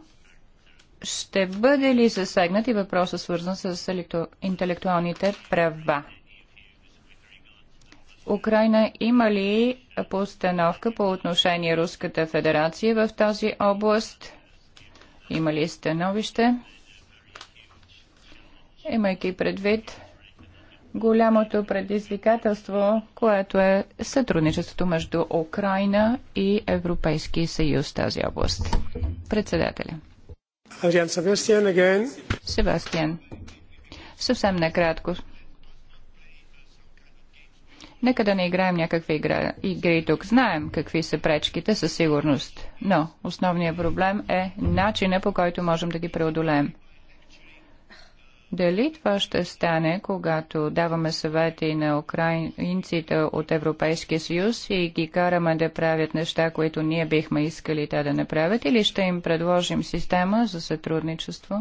ще бъде ли засегнат и въпроса свързан с интелектуалните права? Украина има ли постановка по отношение Руската федерация в тази област? Има ли становище? Имайки предвид голямото предизвикателство, което е сътрудничеството между Украина и Европейския съюз в тази област. Председателя. Себастиан, Себастиан. Съвсем накратко. Нека да не играем някакви игра, игри тук. Знаем какви са пречките със сигурност, но основният проблем е начина по който можем да ги преодолеем. Дали това ще стане, когато даваме съвети на украинците от Европейския съюз и ги караме да правят неща, които ние бихме искали те да направят, или ще им предложим система за сътрудничество?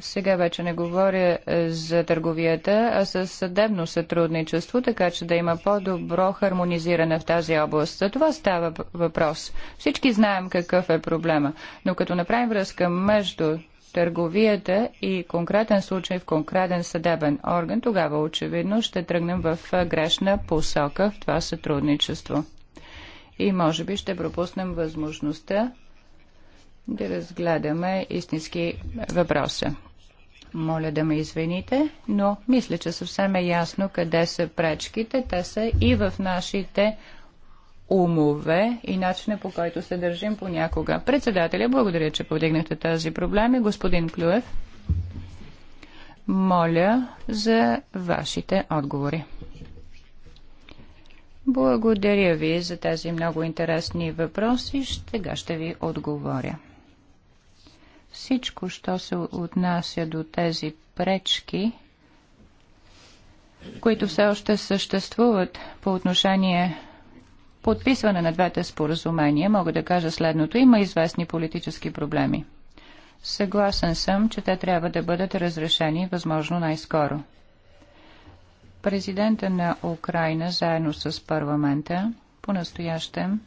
Сега вече не говоря е, за търговията, а за съдебно сътрудничество, така че да има по-добро хармонизиране в тази област. За това става въпрос. Всички знаем какъв е проблема, но като направим връзка между търговията и конкретен случай в конкретен съдебен орган, тогава очевидно ще тръгнем в грешна посока в това сътрудничество. И може би ще пропуснем възможността да разгледаме истински въпроса. Моля да ме извините, но мисля, че съвсем е ясно къде са пречките. Те са и в нашите умове и начина по който се държим понякога. Председателя, благодаря, че повдигнахте тази проблем и господин Клюев, моля за вашите отговори. Благодаря ви за тези много интересни въпроси. Сега ще ви отговоря. Всичко, що се отнася до тези пречки, които все още съществуват по отношение подписване на двете споразумения мога да кажа следното. Има известни политически проблеми. Съгласен съм, че те трябва да бъдат разрешени възможно най-скоро. Президента на Украина заедно с парламента по-настоящем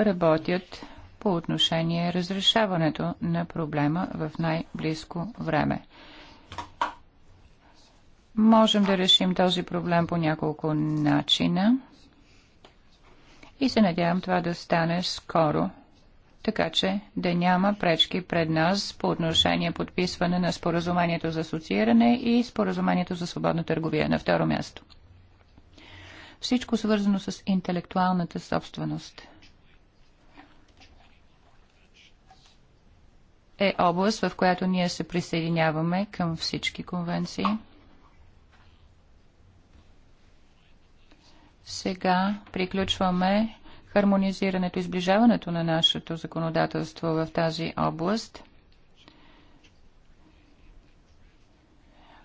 работят по отношение разрешаването на проблема в най-близко време. Можем да решим този проблем по няколко начина и се надявам това да стане скоро, така че да няма пречки пред нас по отношение подписване на споразумението за асоцииране и споразумението за свободна търговия на второ място. Всичко свързано с интелектуалната собственост – е област, в която ние се присъединяваме към всички конвенции – Сега приключваме хармонизирането и сближаването на нашето законодателство в тази област.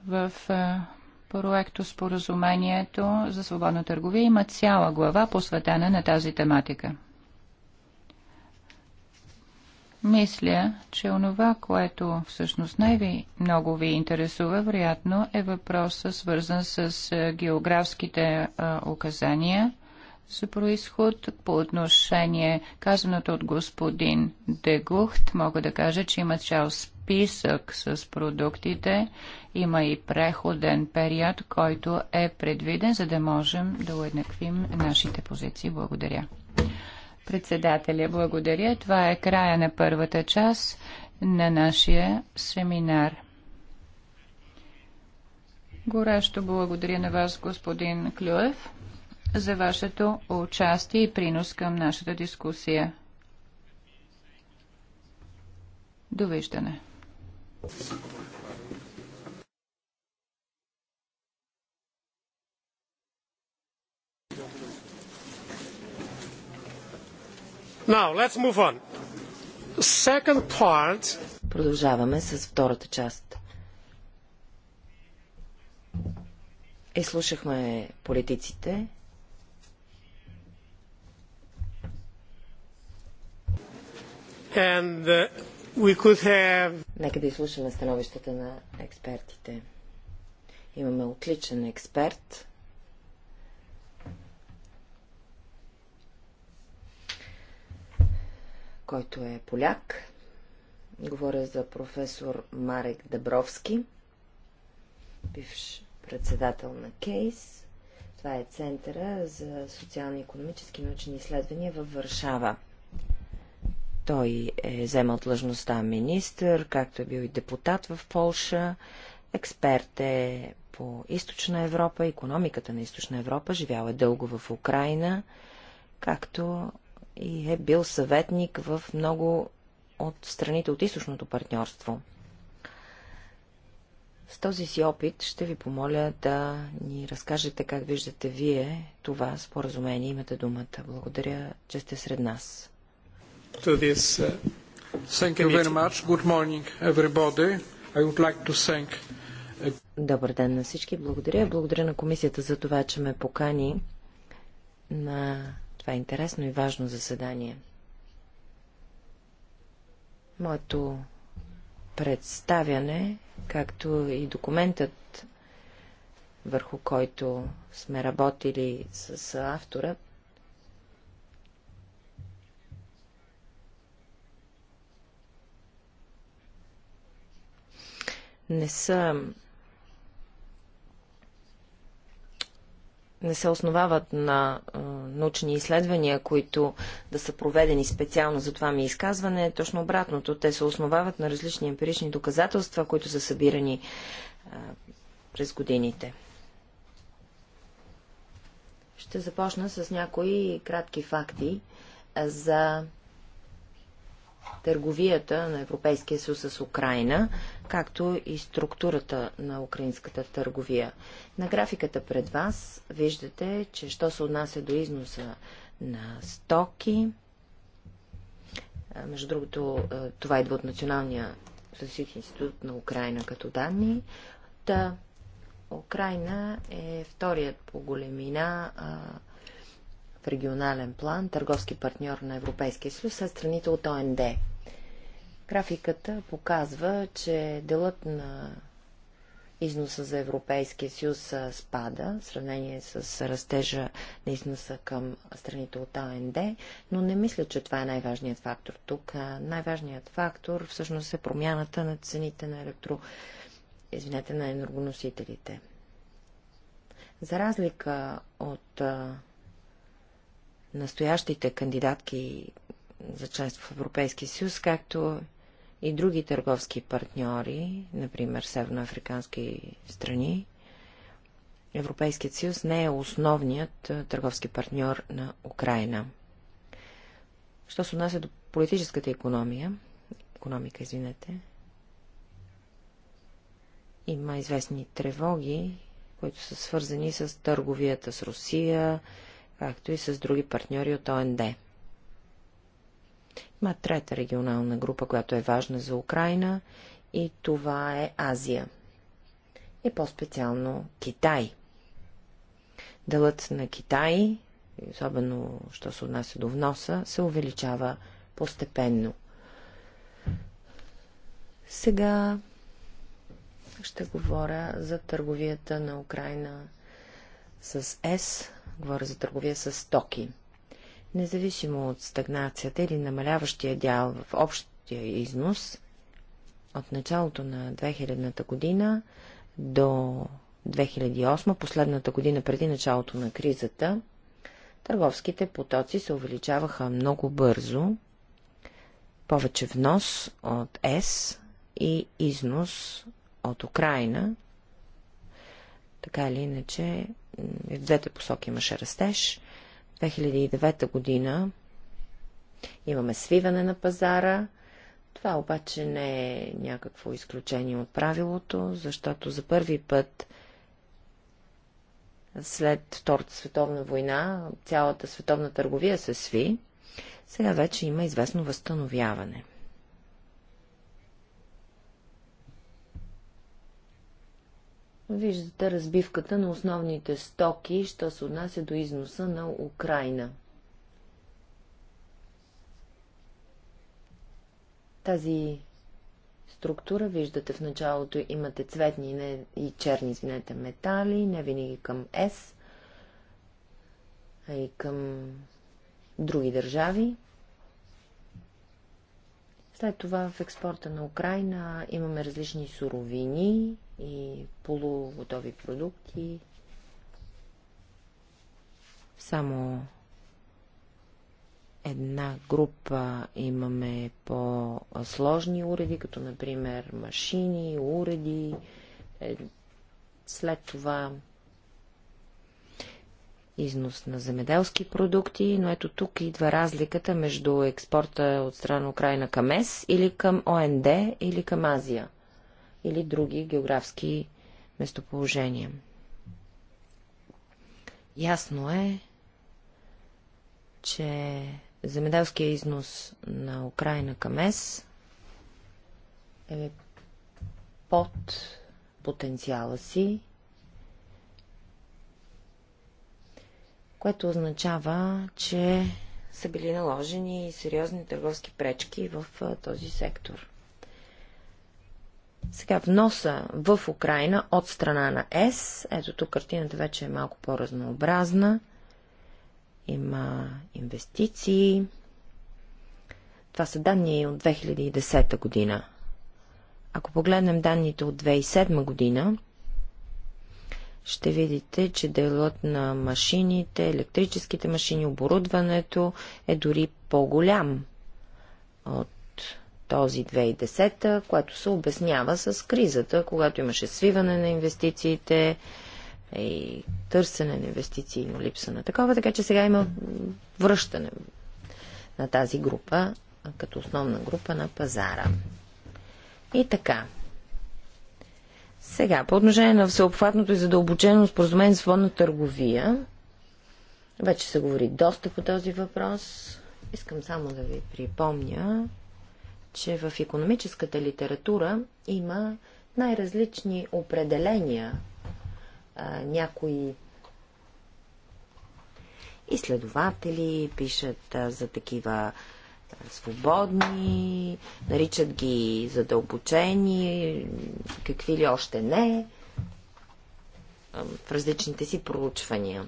В е, проекто споразумението за свободна търговия има цяла глава посветена на тази тематика. Мисля, че онова, което всъщност най-много ви интересува, вероятно е въпросът свързан с географските а, указания за происход. По отношение казаното от господин Дегухт, мога да кажа, че има цял списък с продуктите, има и преходен период, който е предвиден, за да можем да уеднаквим нашите позиции. Благодаря. Председателя, благодаря. Това е края на първата част на нашия семинар. Горещо благодаря на вас, господин Клюев, за вашето участие и принос към нашата дискусия. Довиждане. Now, let's move on. Second part... Продължаваме с втората част. Изслушахме политиците. And uh, we could have... Нека да изслушаме становищата на експертите. Имаме отличен експерт, който е поляк. Говоря за професор Марек Дъбровски, бивш председател на Кейс. Това е Центъра за социални, економически научни изследвания във Варшава. Той е вземал длъжността министър, както е бил и депутат в Полша. Експерт е по Източна Европа, економиката на Източна Европа, живял е дълго в Украина, както и е бил съветник в много от страните от източното партньорство. С този си опит ще ви помоля да ни разкажете как виждате вие това споразумение. Имате думата. Благодаря, че сте сред нас. Like Добър ден на всички. Благодаря. Благодаря на комисията за това, че ме покани на това е интересно и важно заседание. Моето представяне, както и документът, върху който сме работили с автора, не са не се основават на а, научни изследвания, които да са проведени специално за това ми изказване, е точно обратното. Те се основават на различни емпирични доказателства, които са събирани а, през годините. Ще започна с някои кратки факти за търговията на Европейския съюз с Украина, както и структурата на украинската търговия. На графиката пред вас виждате, че що се отнася до износа на стоки, между другото, това идва от Националния статистически институт на Украина като данни, та Украина е вторият по големина регионален план, търговски партньор на Европейския съюз, са страните от ОНД. Графиката показва, че делът на износа за Европейския съюз спада в сравнение с растежа на износа към страните от АНД, но не мисля, че това е най-важният фактор тук. Най-важният фактор всъщност е промяната на цените на електро... Извинете, на енергоносителите. За разлика от а, настоящите кандидатки за членство в Европейския съюз, както и други търговски партньори, например северноафрикански страни, Европейският съюз не е основният търговски партньор на Украина. Що се отнася до политическата економия, економика, извинете, има известни тревоги, които са свързани с търговията с Русия, както и с други партньори от ОНД. Има трета регионална група, която е важна за Украина и това е Азия. И по-специално Китай. Дълът на Китай, особено що се отнася до вноса, се увеличава постепенно. Сега ще говоря за търговията на Украина с ЕС говоря за търговия с стоки. Независимо от стагнацията или намаляващия дял в общия износ, от началото на 2000-та година до 2008, последната година преди началото на кризата, търговските потоци се увеличаваха много бързо, повече внос от ЕС и износ от Украина. Така или иначе, в двете посоки имаше растеж. 2009 година имаме свиване на пазара. Това обаче не е някакво изключение от правилото, защото за първи път след Втората световна война цялата световна търговия се сви. Сега вече има известно възстановяване – Виждате разбивката на основните стоки, що се отнася до износа на Украина. Тази структура, виждате в началото имате цветни не, и черни, извинете, метали, не винаги към С, а и към други държави. След това в експорта на Украина имаме различни суровини, и полуготови продукти. Само една група имаме по-сложни уреди, като например машини, уреди. Е, след това износ на земеделски продукти, но ето тук идва разликата между експорта от страна Украина към ЕС или към ОНД или към Азия или други географски местоположения. Ясно е, че земеделския износ на Украина към ЕС е под потенциала си, което означава, че са били наложени сериозни търговски пречки в този сектор. Сега вноса в Украина от страна на ЕС, ето тук картината вече е малко по-разнообразна, има инвестиции. Това са данни от 2010 година. Ако погледнем данните от 2007 година, ще видите, че делът на машините, електрическите машини, оборудването е дори по-голям от този 2010, което се обяснява с кризата, когато имаше свиване на инвестициите и търсене на инвестиции, но липса на такова, така че сега има връщане на тази група, като основна група на пазара. И така. Сега, по отношение на всеобхватното и задълбочено споразумение за свободна търговия, вече се говори доста по този въпрос. Искам само да ви припомня, че в економическата литература има най-различни определения. А, някои изследователи пишат а, за такива свободни, наричат ги задълбочени, какви ли още не, в различните си проучвания.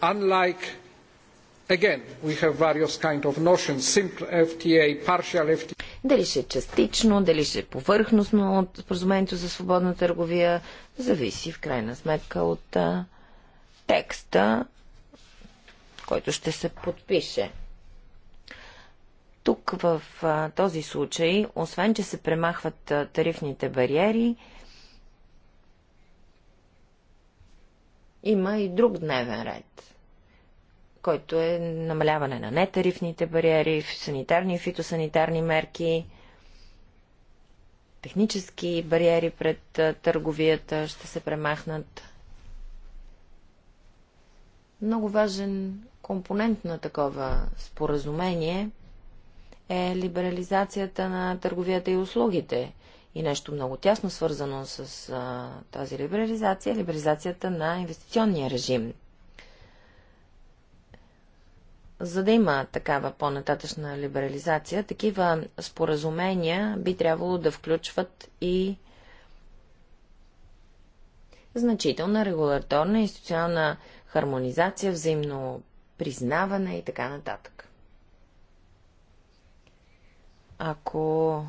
Unlike Again, we have various kind of notions, simple FTA, partial FTA. Дали ще е частично, дали ще е повърхностно от споразумението за свободна търговия, зависи в крайна сметка от а, текста, който ще се подпише. Тук в а, този случай, освен че се премахват а, тарифните бариери, има и друг дневен ред – който е намаляване на нетарифните бариери, санитарни и фитосанитарни мерки, технически бариери пред търговията ще се премахнат. Много важен компонент на такова споразумение е либерализацията на търговията и услугите. И нещо много тясно свързано с а, тази либерализация е либерализацията на инвестиционния режим – за да има такава по-нататъчна либерализация, такива споразумения би трябвало да включват и значителна регуляторна и институционална хармонизация, взаимно признаване и така нататък. Ако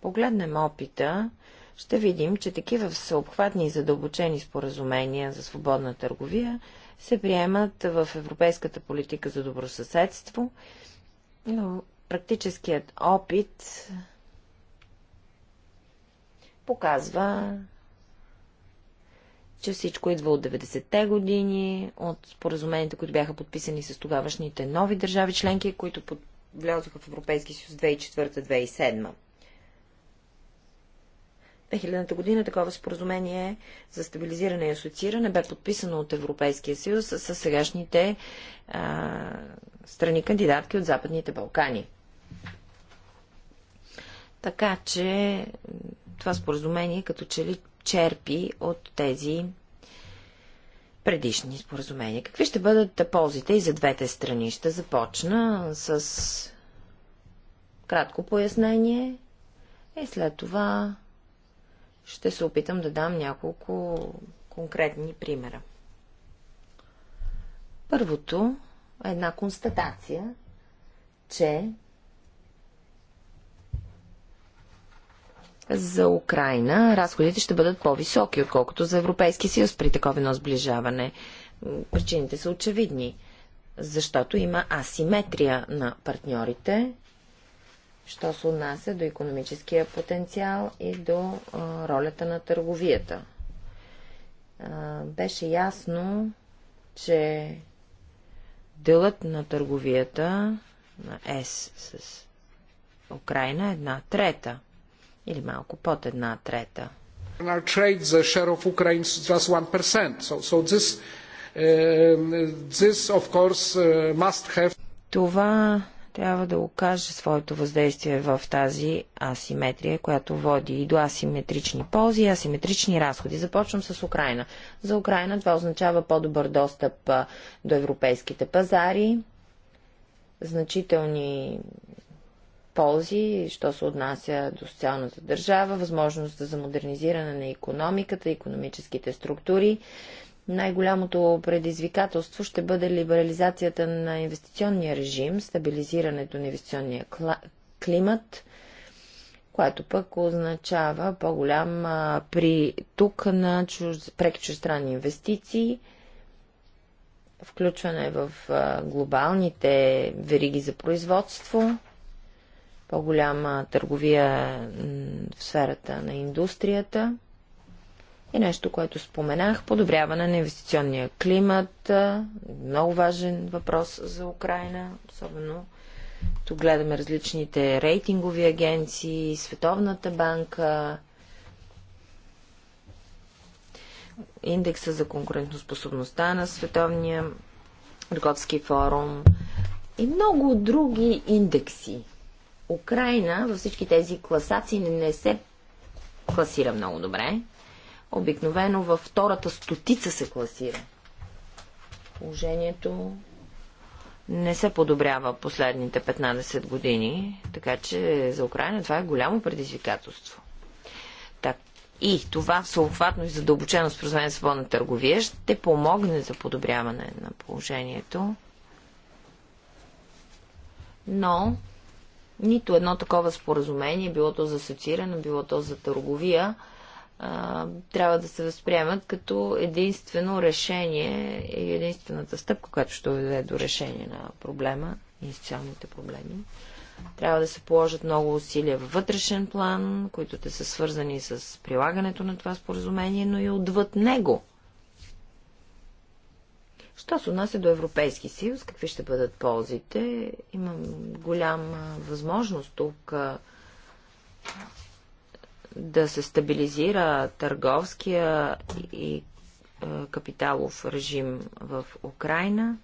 погледнем опита, ще видим, че такива всеобхватни и задълбочени споразумения за свободна търговия – се приемат в европейската политика за добросъседство, но практическият опит показва, че всичко идва от 90-те години, от споразумените, които бяха подписани с тогавашните нови държави членки, които влязоха в Европейски съюз 2004-2007. 2000-та година такова споразумение за стабилизиране и асоцииране бе подписано от Европейския съюз с сегашните а, страни кандидатки от Западните Балкани. Така че това споразумение като че ли черпи от тези предишни споразумения. Какви ще бъдат ползите и за двете страни? Ще започна с кратко пояснение и след това ще се опитам да дам няколко конкретни примера. Първото е една констатация, че за Украина разходите ще бъдат по-високи, отколкото за Европейски съюз при такова едно сближаване. Причините са очевидни, защото има асиметрия на партньорите що се отнася до економическия потенциал и до а, ролята на търговията. А, беше ясно, че делът на търговията на С с Украина е една трета или малко под една трета. Our trade, the share of Ukraine is just 1%. So, so this, uh, this, of course, uh, must have... Това трябва да окаже своето въздействие в тази асиметрия, която води и до асиметрични ползи и асиметрични разходи. Започвам с Украина. За Украина това означава по-добър достъп до европейските пазари, значителни ползи, що се отнася до социалната държава, възможност за модернизиране на економиката, економическите структури, най-голямото предизвикателство ще бъде либерализацията на инвестиционния режим, стабилизирането на инвестиционния климат, което пък означава по-голям приток на чуж... преки чуждестранни инвестиции, включване в глобалните вериги за производство, по-голяма търговия в сферата на индустрията и е нещо, което споменах, подобряване на инвестиционния климат. Много важен въпрос за Украина, особено тук гледаме различните рейтингови агенции, Световната банка, индекса за конкурентоспособността на Световния търговски форум и много други индекси. Украина във всички тези класации не се класира много добре обикновено във втората стотица се класира. Положението не се подобрява последните 15 години, така че за Украина това е голямо предизвикателство. Так, и това всеобхватно и задълбочено споразумение с свободна търговия ще помогне за подобряване на положението. Но нито едно такова споразумение, било то за асоцииране, било то за търговия, а, трябва да се възприемат като единствено решение и единствената стъпка, която ще доведе до решение на проблема, институционалните проблеми. Трябва да се положат много усилия във вътрешен план, които те са свързани с прилагането на това споразумение, но и отвъд него. Що се отнася до Европейски съюз, какви ще бъдат ползите? Имам голяма възможност тук да се стабилизира търговския и капиталов режим в Украина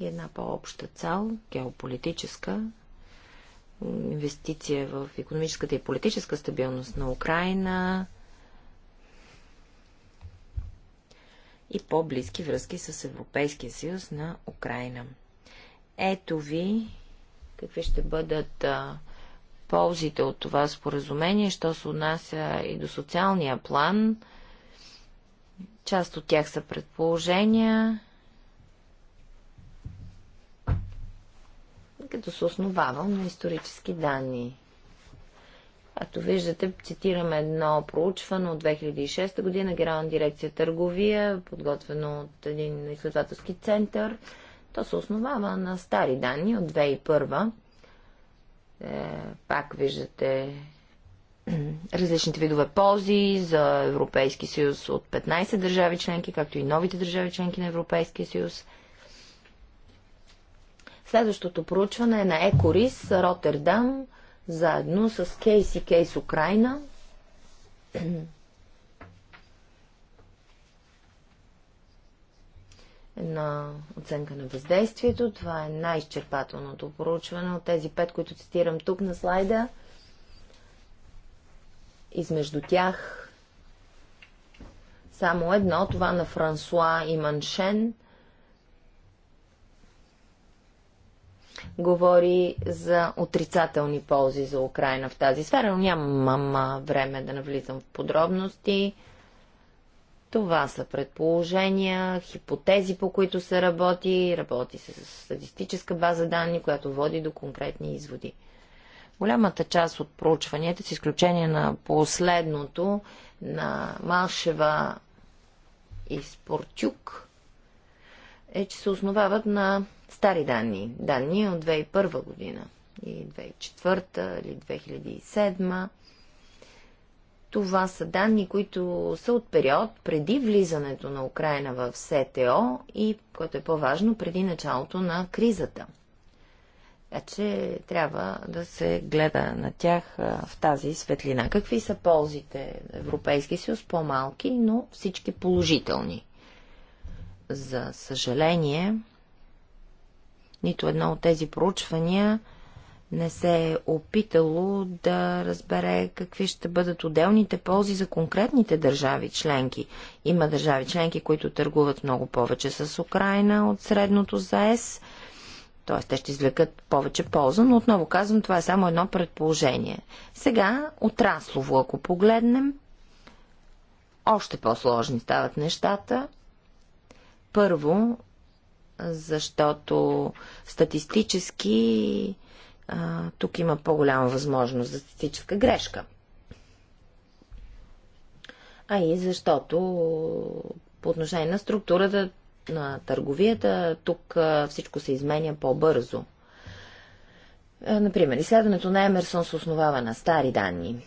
и една по-обща цел, геополитическа, инвестиция в економическата и политическа стабилност на Украина и по-близки връзки с Европейския съюз на Украина. Ето ви какви ще бъдат ползите от това споразумение, що се отнася и до социалния план. Част от тях са предположения, като се основавам на исторически данни. Ато виждате, цитираме едно проучване от 2006 година, Генерална дирекция търговия, подготвено от един изследователски център. То се основава на стари данни от 2001 е, пак виждате [clears throat] различните видове ползи за Европейски съюз от 15 държави членки, както и новите държави членки на Европейския съюз. Следващото проучване е на Екорис, Роттердам, заедно с Кейс и Кейс Украина. [clears throat] на оценка на въздействието. Това е най-изчерпателното проучване от тези пет, които цитирам тук на слайда. Измежду тях само едно, това на Франсуа и Маншен, говори за отрицателни ползи за Украина в тази сфера, но нямам време да навлизам в подробности. Това са предположения, хипотези, по които се работи. Работи се с статистическа база данни, която води до конкретни изводи. Голямата част от проучванията, с изключение на последното, на Малшева и Спортюк, е, че се основават на стари данни. Данни от 2001 година и 2004 или 2007. Това са данни, които са от период преди влизането на Украина в СТО и, което е по-важно, преди началото на кризата. Така че трябва да се гледа на тях в тази светлина. Какви са ползите Европейски съюз? По-малки, но всички положителни. За съжаление, нито едно от тези проучвания не се е опитало да разбере какви ще бъдат отделните ползи за конкретните държави членки. Има държави членки, които търгуват много повече с Украина от средното за ЕС, т.е. те ще извлекат повече полза, но отново казвам, това е само едно предположение. Сега, отраслово, ако погледнем, още по-сложни стават нещата. Първо, защото статистически а, тук има по-голяма възможност за статистическа грешка. А и защото по отношение на структурата на търговията, тук всичко се изменя по-бързо. Например, изследването на Емерсон се основава на стари данни.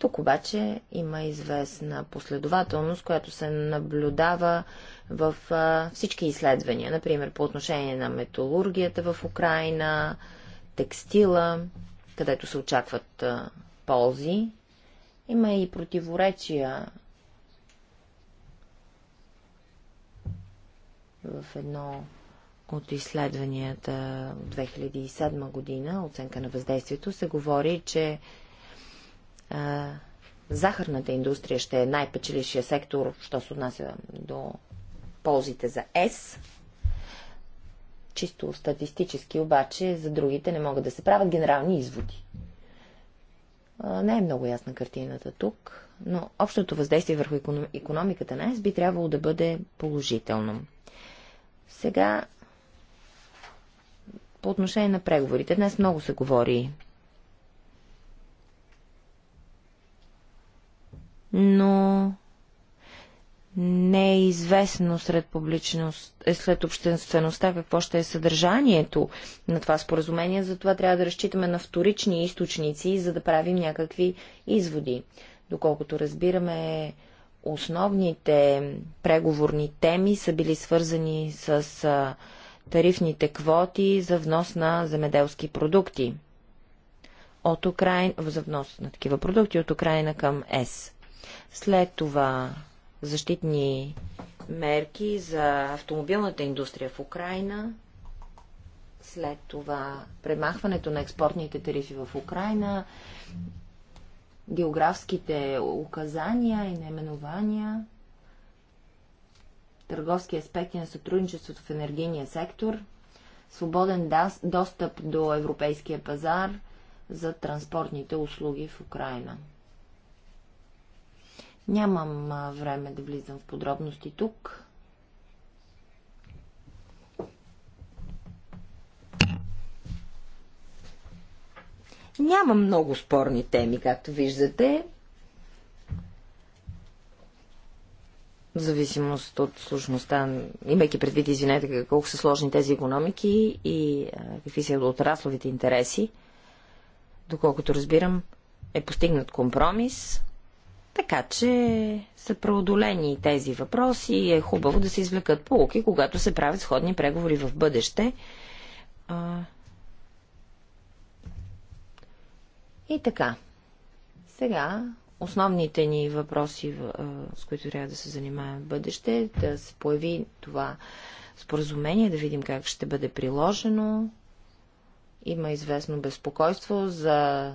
Тук обаче има известна последователност, която се наблюдава в всички изследвания, например по отношение на металургията в Украина, текстила, където се очакват ползи. Има и противоречия в едно от изследванията от 2007 година, оценка на въздействието, се говори, че захарната индустрия ще е най печелищия сектор, що се отнася до ползите за ЕС. Чисто статистически обаче за другите не могат да се правят генерални изводи. не е много ясна картината тук, но общото въздействие върху економиката на ЕС би трябвало да бъде положително. Сега по отношение на преговорите. Днес много се говори но не е известно сред, публичност, е след обществеността какво ще е съдържанието на това споразумение, затова трябва да разчитаме на вторични източници, за да правим някакви изводи. Доколкото разбираме, основните преговорни теми са били свързани с тарифните квоти за внос на земеделски продукти от Украина, за внос на такива продукти от Украина към ЕС. След това защитни мерки за автомобилната индустрия в Украина, след това премахването на експортните тарифи в Украина, географските указания и наименования, търговски аспекти на сътрудничеството в енергийния сектор, свободен достъп до европейския пазар за транспортните услуги в Украина. Нямам време да влизам в подробности тук. Няма много спорни теми, както виждате. В зависимост от сложността, имайки предвид, извинете, колко са сложни тези економики и а, какви са отрасловите интереси, доколкото разбирам, е постигнат компромис. Така че са преодолени тези въпроси и е хубаво да се извлекат полуки, когато се правят сходни преговори в бъдеще. И така. Сега основните ни въпроси, с които трябва да се занимаем в бъдеще, да се появи това споразумение, да видим как ще бъде приложено. Има известно безпокойство за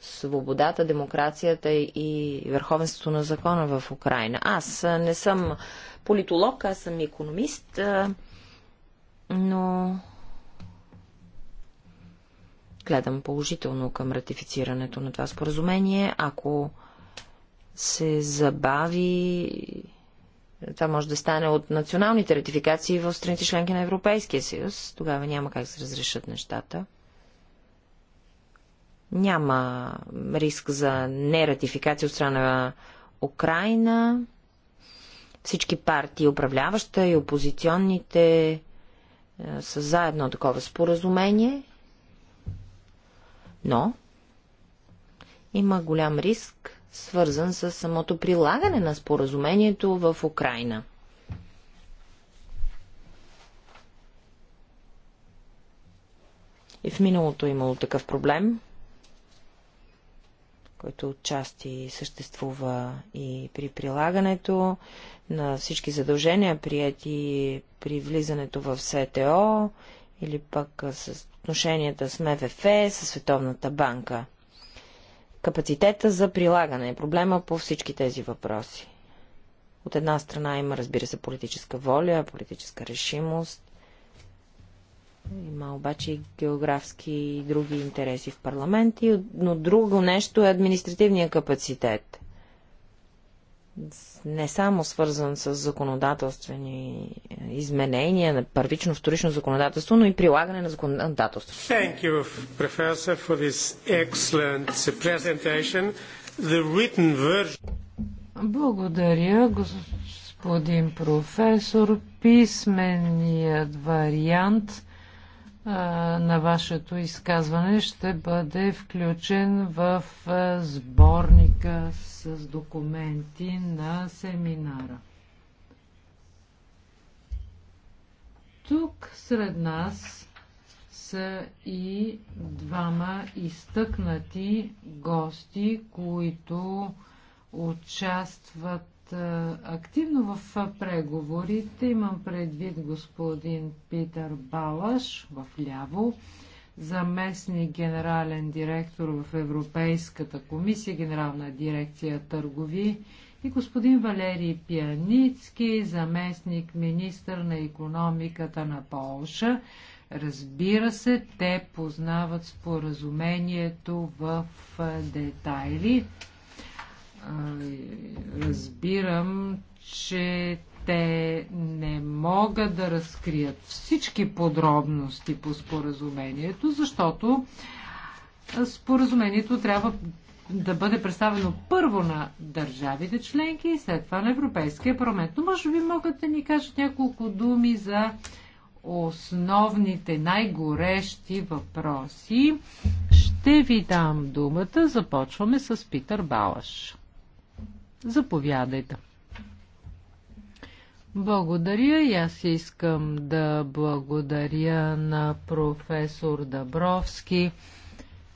свободата, демокрацията и върховенството на закона в Украина. Аз не съм политолог, аз съм економист, но гледам положително към ратифицирането на това споразумение. Ако се забави, това може да стане от националните ратификации в страните членки на Европейския съюз, тогава няма как да се разрешат нещата. Няма риск за нератификация от страна на Украина. Всички партии, управляваща и опозиционните, е, са за едно такова споразумение. Но има голям риск, свързан с самото прилагане на споразумението в Украина. И в миналото е имало такъв проблем който отчасти съществува и при прилагането на всички задължения, прияти при влизането в СТО или пък с отношенията с МВФ, с Световната банка. Капацитета за прилагане е проблема по всички тези въпроси. От една страна има, разбира се, политическа воля, политическа решимост, има обаче и географски и други интереси в парламент, и, но друго нещо е административния капацитет. Не само свързан с законодателствени изменения на първично, вторично законодателство, но и прилагане на законодателство. Thank you, professor, for this excellent presentation. The written version... Благодаря, господин професор. Писменият вариант на вашето изказване ще бъде включен в сборника с документи на семинара. Тук сред нас са и двама изтъкнати гости, които участват активно в преговорите. Имам предвид господин Питър Балаш в ляво, заместник генерален директор в Европейската комисия, генерална дирекция търгови и господин Валерий Пианицки, заместник министър на економиката на Полша. Разбира се, те познават споразумението в детайли разбирам, че те не могат да разкрият всички подробности по споразумението, защото споразумението трябва да бъде представено първо на държавите членки и след това на Европейския парламент. Но може би могат да ни кажат няколко думи за основните, най-горещи въпроси. Ще ви дам думата. Започваме с Питър Балаш. Заповядайте. Благодаря и аз искам да благодаря на професор Дъбровски,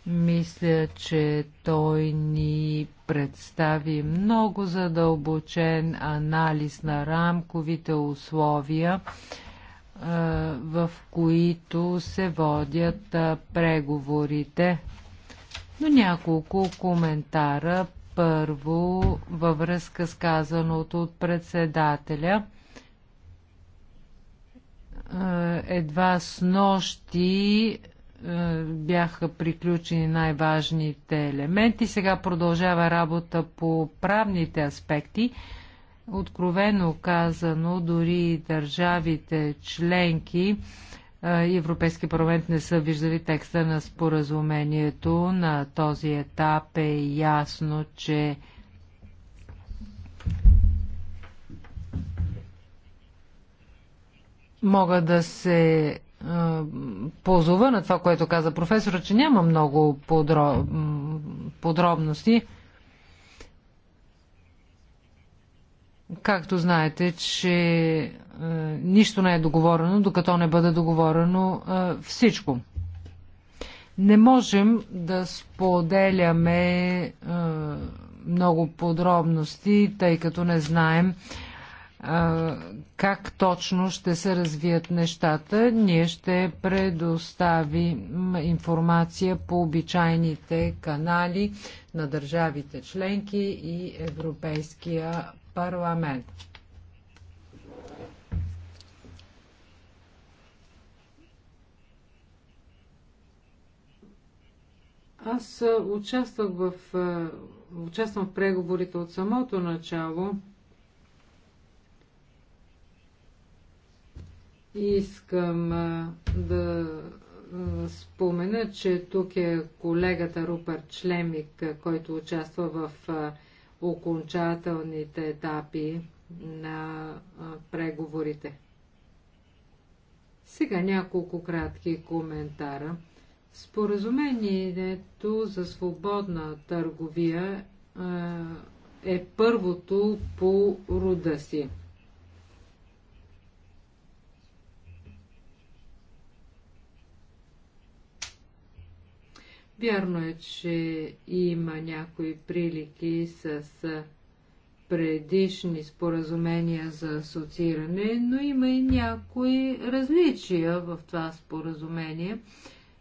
Мисля, че той ни представи много задълбочен анализ на рамковите условия, в които се водят преговорите. Но няколко коментара първо, във връзка с казаното от председателя, е, едва с нощи е, бяха приключени най-важните елементи. Сега продължава работа по правните аспекти. Откровено казано, дори държавите членки и Европейски парламент не са виждали текста на споразумението. На този етап е ясно, че мога да се позова на това, което каза професора, че няма много подро... подробности. Както знаете, че е, нищо не е договорено, докато не бъде договорено е, всичко. Не можем да споделяме е, много подробности, тъй като не знаем е, как точно ще се развият нещата. Ние ще предоставим информация по обичайните канали на държавите членки и Европейския парламент. Аз участвах в, участвам в преговорите от самото начало и искам да спомена, че тук е колегата Рупер Члемик, който участва в окончателните етапи на преговорите. Сега няколко кратки коментара. Споразумението за свободна търговия е първото по рода си. Вярно е, че има някои прилики с предишни споразумения за асоцииране, но има и някои различия в това споразумение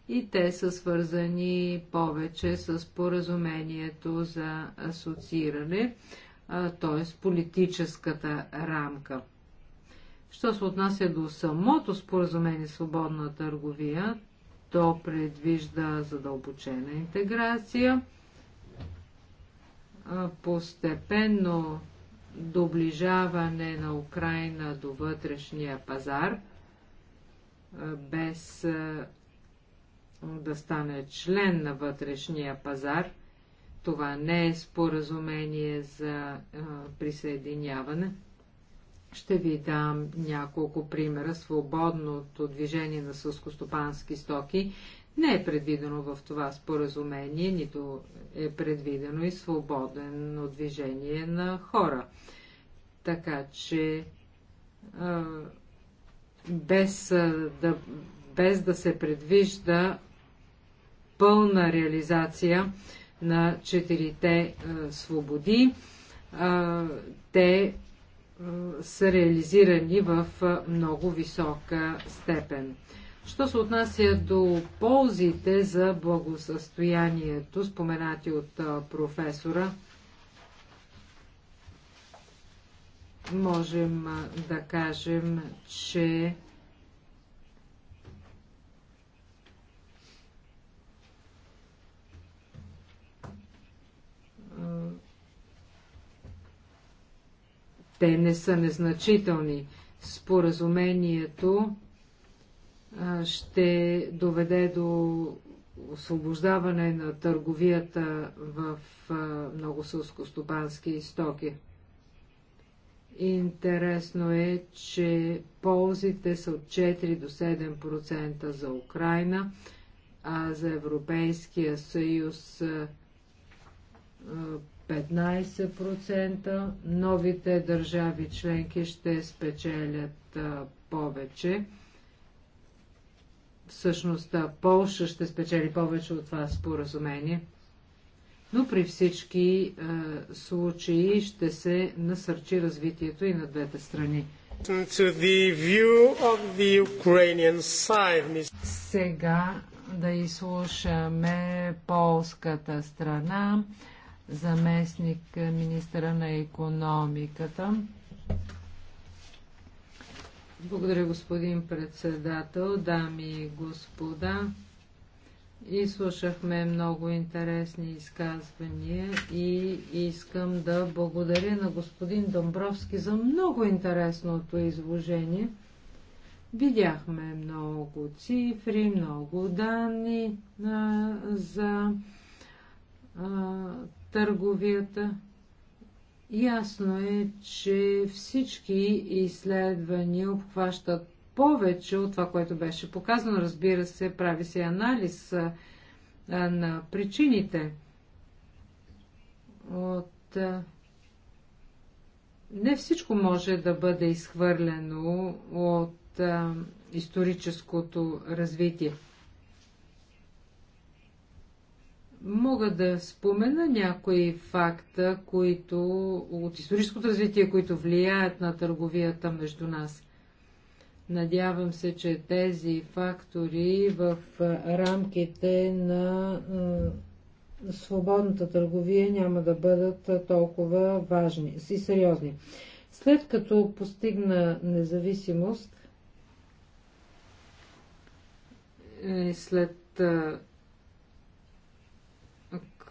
и те са свързани повече с споразумението за асоцииране, т.е. политическата рамка. Що се отнася до самото споразумение свободна търговия, то предвижда задълбочена интеграция, постепенно доближаване на Украина до вътрешния пазар, без да стане член на вътрешния пазар. Това не е споразумение за присъединяване, ще ви дам няколко примера. Свободното движение на сълскостопански стоки не е предвидено в това споразумение, нито е предвидено и свободно движение на хора. Така че без да, без да се предвижда пълна реализация на четирите свободи, те е, са реализирани в е, много висока степен. Що се отнася до ползите за благосъстоянието, споменати от е, професора, можем да кажем, че те не са незначителни. Споразумението ще доведе до освобождаване на търговията в много сълскостопански стоки. Интересно е, че ползите са от 4 до 7% за Украина, а за Европейския съюз 15%. Новите държави членки ще спечелят повече. Всъщност Полша ще спечели повече от това споразумение. Но при всички е, случаи ще се насърчи развитието и на двете страни. Side, Сега да изслушаме полската страна заместник е, министра на економиката. Благодаря, господин председател, дами и господа. И слушахме много интересни изказвания и искам да благодаря на господин Домбровски за много интересното изложение. Видяхме много цифри, много данни а, за а, търговията. Ясно е, че всички изследвания обхващат повече от това, което беше показано. Разбира се, прави се анализ а, на причините. От, а, не всичко може да бъде изхвърлено от а, историческото развитие. Мога да спомена някои факта, които от историческото развитие, които влияят на търговията между нас. Надявам се, че тези фактори в рамките на свободната търговия няма да бъдат толкова важни и сериозни. След като постигна независимост, е, след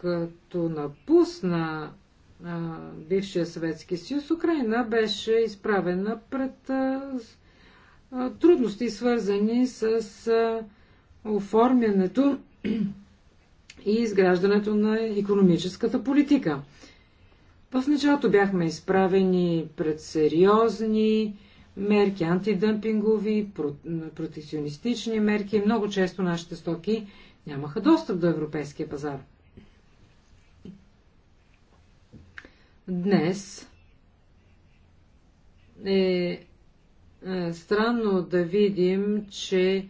като напусна а, бившия Съветски съюз, Украина беше изправена пред а, а, трудности, свързани с а, оформянето и изграждането на економическата политика. В началото бяхме изправени пред сериозни мерки, антидъмпингови, протекционистични мерки. Много често нашите стоки нямаха достъп до европейския пазар. Днес е, е странно да видим, че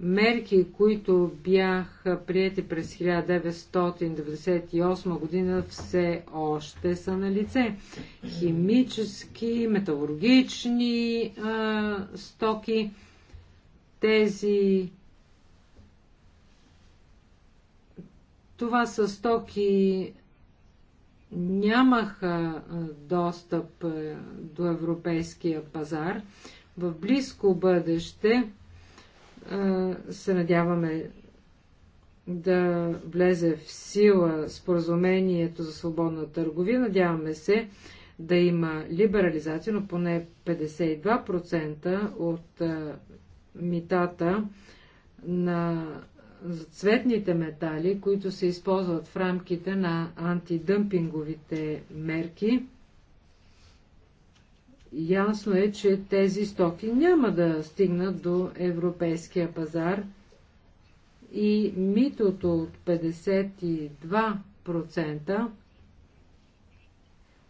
мерки, които бяха прияти през 1998 година, все още са на лице. Химически, металургични а, стоки, тези. Това са стоки, нямаха достъп до европейския пазар. В близко бъдеще се надяваме да влезе в сила споразумението за свободна търговия. Надяваме се да има либерализация, но поне 52% от митата на цветните метали, които се използват в рамките на антидъмпинговите мерки, ясно е, че тези стоки няма да стигнат до европейския пазар и митото от 52%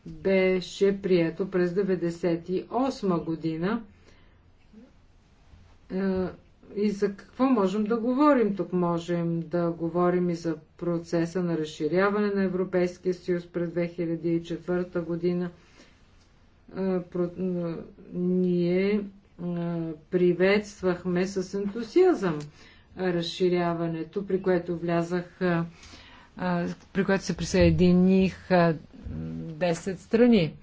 беше прието през 1998 година е, и за какво можем да говорим тук? Можем да говорим и за процеса на разширяване на Европейския съюз през 2004 година. Ние приветствахме с ентусиазъм разширяването, при което влязах, при което се присъединих 10 страни.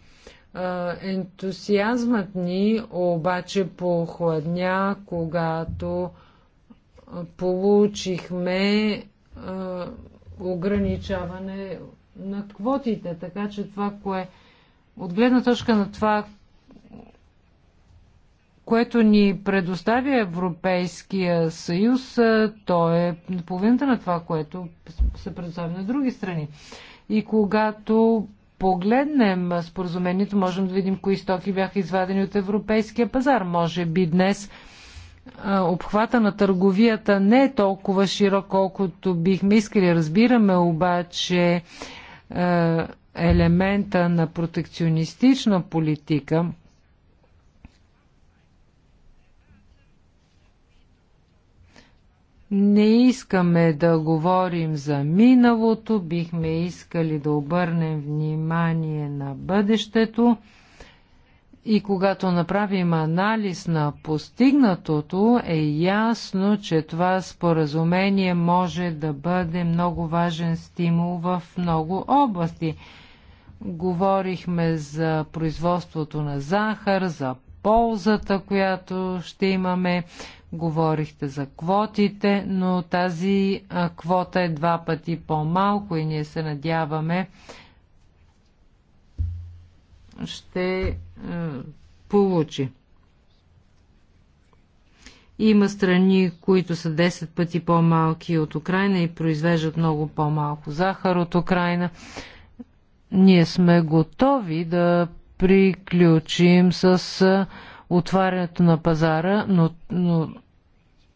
Ентусиазмът ни обаче похладня, когато получихме ограничаване на квотите. Така че това, кое от гледна точка на това, което ни предоставя Европейския съюз, то е половината на това, което се предоставя на други страни. И когато погледнем споразумението, можем да видим кои стоки бяха извадени от европейския пазар. Може би днес обхвата на търговията не е толкова широк, колкото бихме искали. Разбираме обаче елемента на протекционистична политика – Не искаме да говорим за миналото, бихме искали да обърнем внимание на бъдещето. И когато направим анализ на постигнатото, е ясно, че това споразумение може да бъде много важен стимул в много области. Говорихме за производството на захар, за ползата, която ще имаме Говорихте за квотите, но тази квота е два пъти по-малко и ние се надяваме ще получи. Има страни, които са 10 пъти по-малки от Украина и произвеждат много по-малко захар от Украина. Ние сме готови да приключим с отварянето на пазара, но, но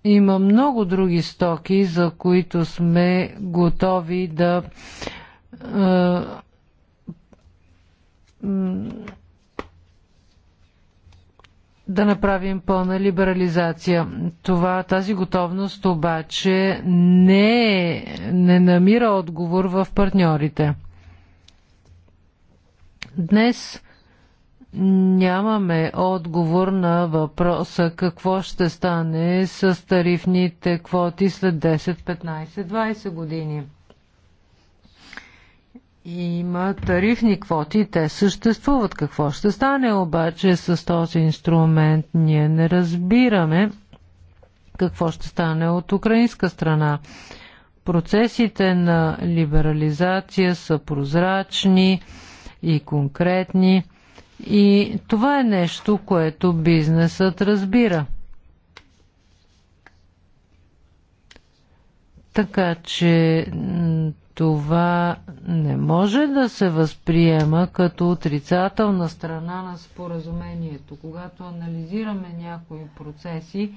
има много други стоки, за които сме готови да да направим пълна либерализация. Това, тази готовност обаче не, е, не намира отговор в партньорите. Днес нямаме отговор на въпроса какво ще стане с тарифните квоти след 10, 15, 20 години. Има тарифни квоти, те съществуват. Какво ще стане обаче с този инструмент? Ние не разбираме какво ще стане от украинска страна. Процесите на либерализация са прозрачни и конкретни и това е нещо, което бизнесът разбира. Така че това не може да се възприема като отрицателна страна на споразумението. Когато анализираме някои процеси,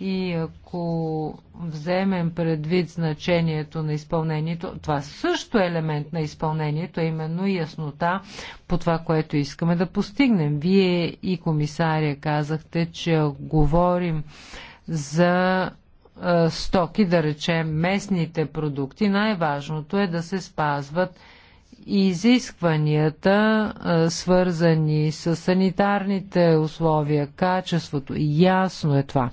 и ако вземем предвид значението на изпълнението, това също е елемент на изпълнението, е именно яснота по това, което искаме да постигнем. Вие и комисаря казахте, че говорим за стоки, да речем местните продукти, най-важното е да се спазват изискванията, свързани с санитарните условия, качеството. Ясно е това.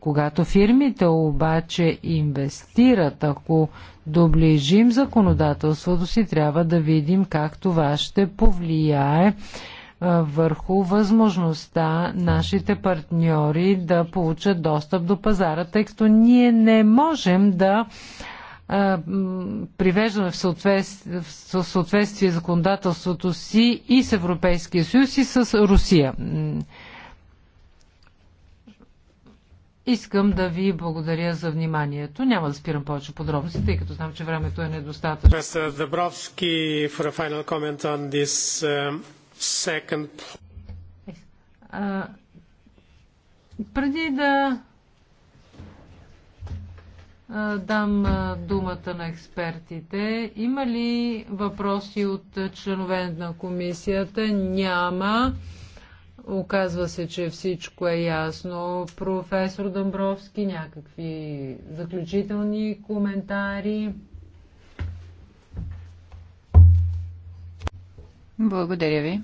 Когато фирмите обаче инвестират, ако доближим законодателството си, трябва да видим как това ще повлияе върху възможността нашите партньори да получат достъп до пазара, тъй като ние не можем да привеждаме в съответствие, в съответствие законодателството си и с Европейския съюз и с Русия. Искам да ви благодаря за вниманието. Няма да спирам повече подробности, тъй като знам, че времето е недостатъчно. Uh, преди да дам думата на експертите. Има ли въпроси от членове на комисията? Няма. Оказва се, че всичко е ясно. Професор Домбровски, някакви заключителни коментари. Благодаря ви.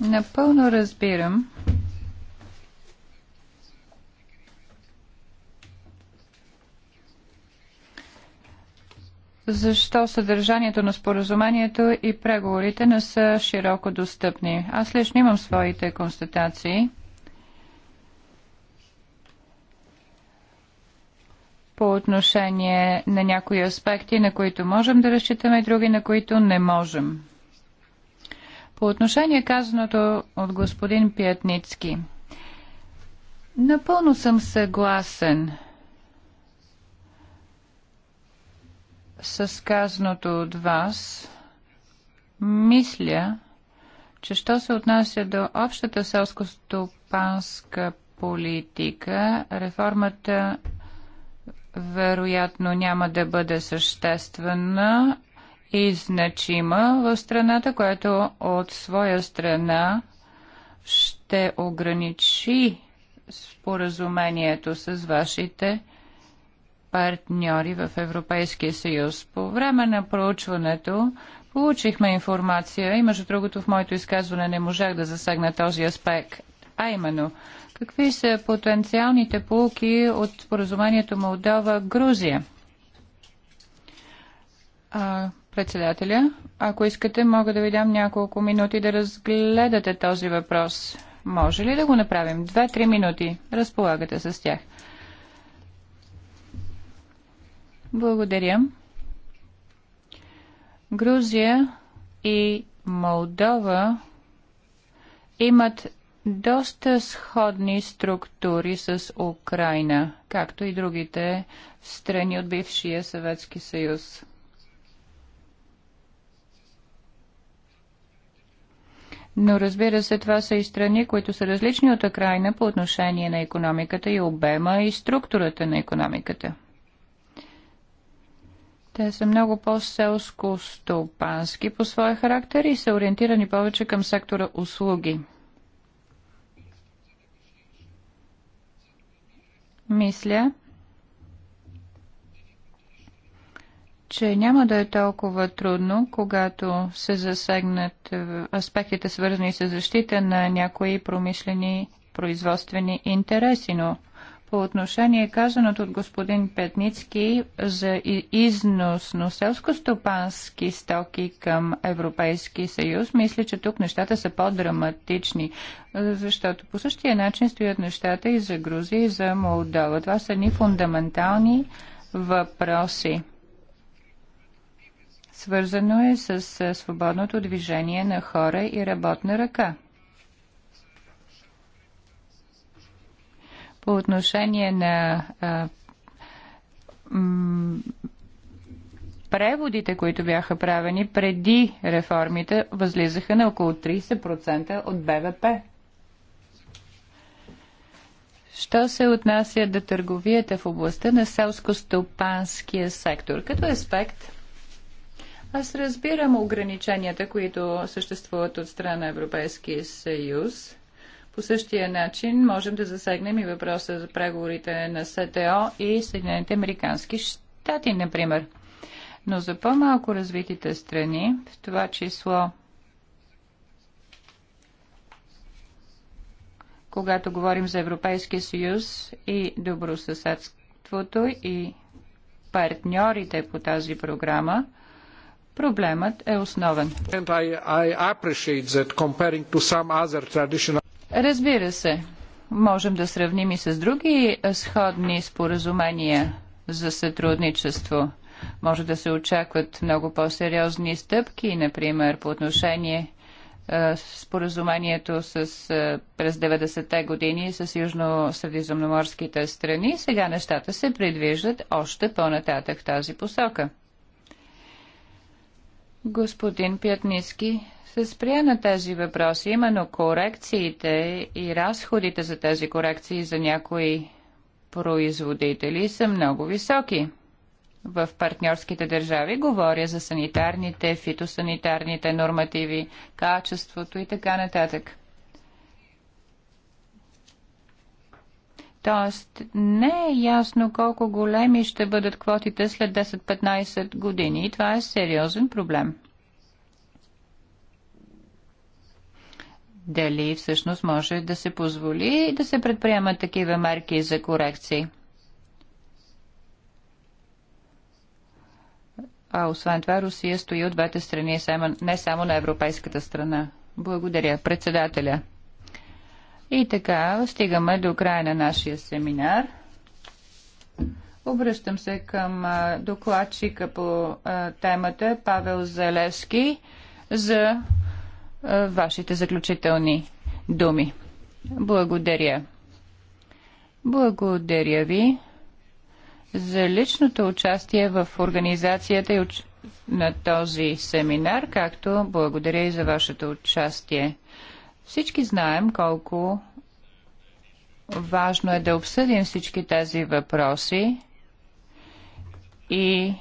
Напълно разбирам защо съдържанието на споразумението и преговорите не са широко достъпни. Аз лично имам своите констатации. по отношение на някои аспекти, на които можем да разчитаме, и други, на които не можем. По отношение казаното от господин Пиятницки, напълно съм съгласен – с казаното от вас, мисля, че що се отнася до общата селско-стопанска политика, реформата вероятно няма да бъде съществена и значима в страната, която от своя страна ще ограничи споразумението с вашите партньори в Европейския съюз. По време на проучването получихме информация и между другото в моето изказване не можах да засегна този аспект, а именно какви са потенциалните полуки от споразумението Молдова-Грузия. председателя, ако искате, мога да ви дам няколко минути да разгледате този въпрос. Може ли да го направим? Две-три минути. Разполагате с тях. Благодаря. Грузия и Молдова имат доста сходни структури с Украина, както и другите страни от бившия Съветски съюз. Но разбира се, това са и страни, които са различни от Украина по отношение на економиката и обема и структурата на економиката. Те са много по-селско-стопански по своя характер и са ориентирани повече към сектора услуги. Мисля, че няма да е толкова трудно, когато се засегнат е, аспектите свързани с защита на някои промишлени производствени интереси, но по отношение казаното от господин Петницки за износ на селско-стопански стоки към Европейски съюз, мисля, че тук нещата са по-драматични, защото по същия начин стоят нещата и за Грузия, и за Молдова. Това са ни фундаментални въпроси. Свързано е с свободното движение на хора и работна ръка – по отношение на а, преводите, които бяха правени преди реформите, възлизаха на около 30% от БВП. Що се отнася до търговията в областта на селско-стопанския сектор? Като аспект, аз разбирам ограниченията, които съществуват от страна Европейския съюз – по същия начин можем да засегнем и въпроса за преговорите на СТО и Съединените Американски щати, например. Но за по-малко развитите страни, в това число когато говорим за Европейския съюз и добросъседството и партньорите по тази програма, проблемът е основен. Traditional... Разбира се, можем да сравним и с други сходни споразумения за сътрудничество. Може да се очакват много по-сериозни стъпки, например, по отношение споразумението с, през 90-те години с южно-средиземноморските страни. Сега нещата се придвижат още по-нататък в тази посока. Господин Пятниски се спря на тези въпроси, именно корекциите и разходите за тези корекции за някои производители са много високи. В партньорските държави говоря за санитарните, фитосанитарните нормативи, качеството и така нататък. Тоест, не е ясно колко големи ще бъдат квотите след 10-15 години. И това е сериозен проблем. Дали всъщност може да се позволи да се предприемат такива мерки за корекции? А освен това, Русия стои от двете страни, не само на европейската страна. Благодаря, председателя. И така, стигаме до края на нашия семинар. Обръщам се към докладчика по темата Павел Залевски за вашите заключителни думи. Благодаря. Благодаря ви за личното участие в организацията и на този семинар, както благодаря и за вашето участие. Всички знаем колко важно е да обсъдим всички тези въпроси и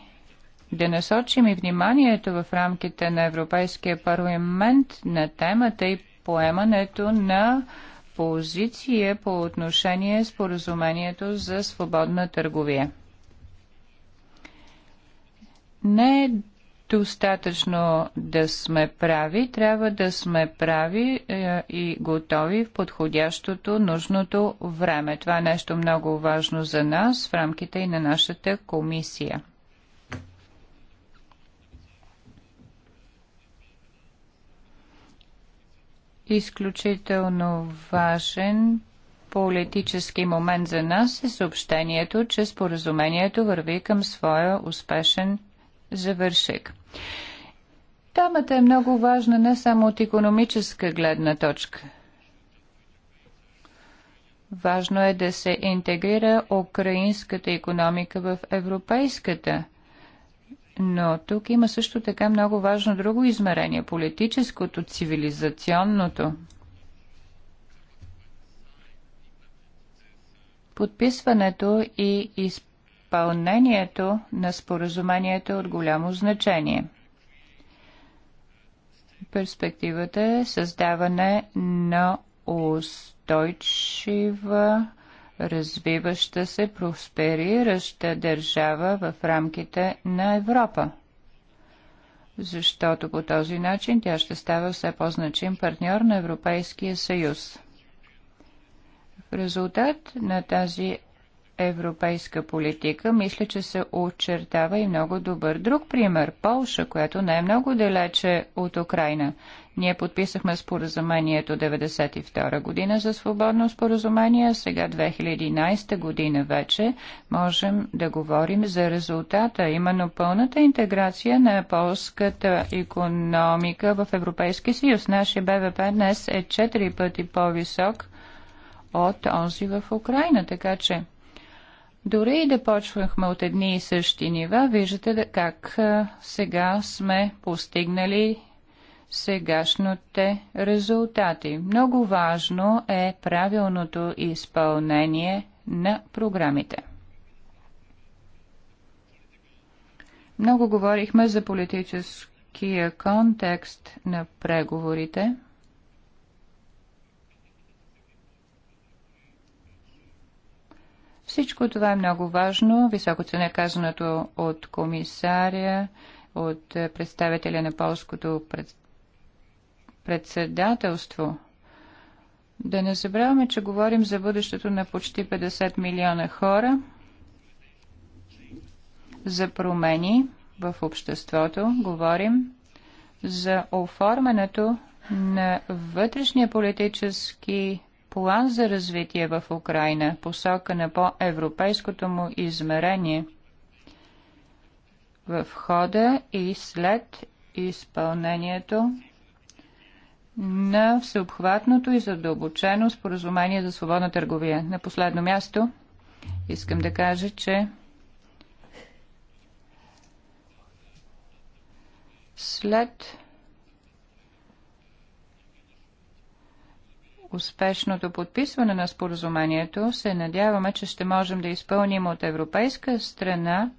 да насочим и вниманието в рамките на Европейския парламент на темата и поемането на позиция по отношение споразумението за свободна търговия. Не е достатъчно да сме прави, трябва да сме прави е, и готови в подходящото, нужното време. Това е нещо много важно за нас в рамките и на нашата комисия. Изключително важен политически момент за нас е съобщението, че споразумението върви към своя успешен завършек. Темата е много важна не само от економическа гледна точка. Важно е да се интегрира украинската економика в европейската. Но тук има също така много важно друго измерение политическото, цивилизационното. Подписването и изпълнението изпълнението на споразумението е от голямо значение. Перспективата е създаване на устойчива, развиваща се, просперираща държава в рамките на Европа защото по този начин тя ще става все по-значим партньор на Европейския съюз. В резултат на тази европейска политика, мисля, че се очертава и много добър друг пример – Полша, която не е много далече от Украина. Ние подписахме споразумението 1992 година за свободно споразумение, сега 2011 година вече можем да говорим за резултата, именно пълната интеграция на полската економика в Европейския съюз. Нашия БВП днес е 4 пъти по-висок от онзи в Украина, така че дори и да почвахме от едни и същи нива, виждате как сега сме постигнали сегашните резултати. Много важно е правилното изпълнение на програмите. Много говорихме за политическия контекст на преговорите. Всичко това е много важно. Високо ценя казаното от комисаря, от представителя на полското пред... председателство. Да не забравяме, че говорим за бъдещето на почти 50 милиона хора, за промени в обществото, говорим за оформянето на вътрешния политически план за развитие в Украина, посока на по-европейското му измерение в хода и след изпълнението на всеобхватното и задълбочено споразумение за свободна търговия. На последно място искам да кажа, че след успешното подписване на споразумението се надяваме, че ще можем да изпълним от европейска страна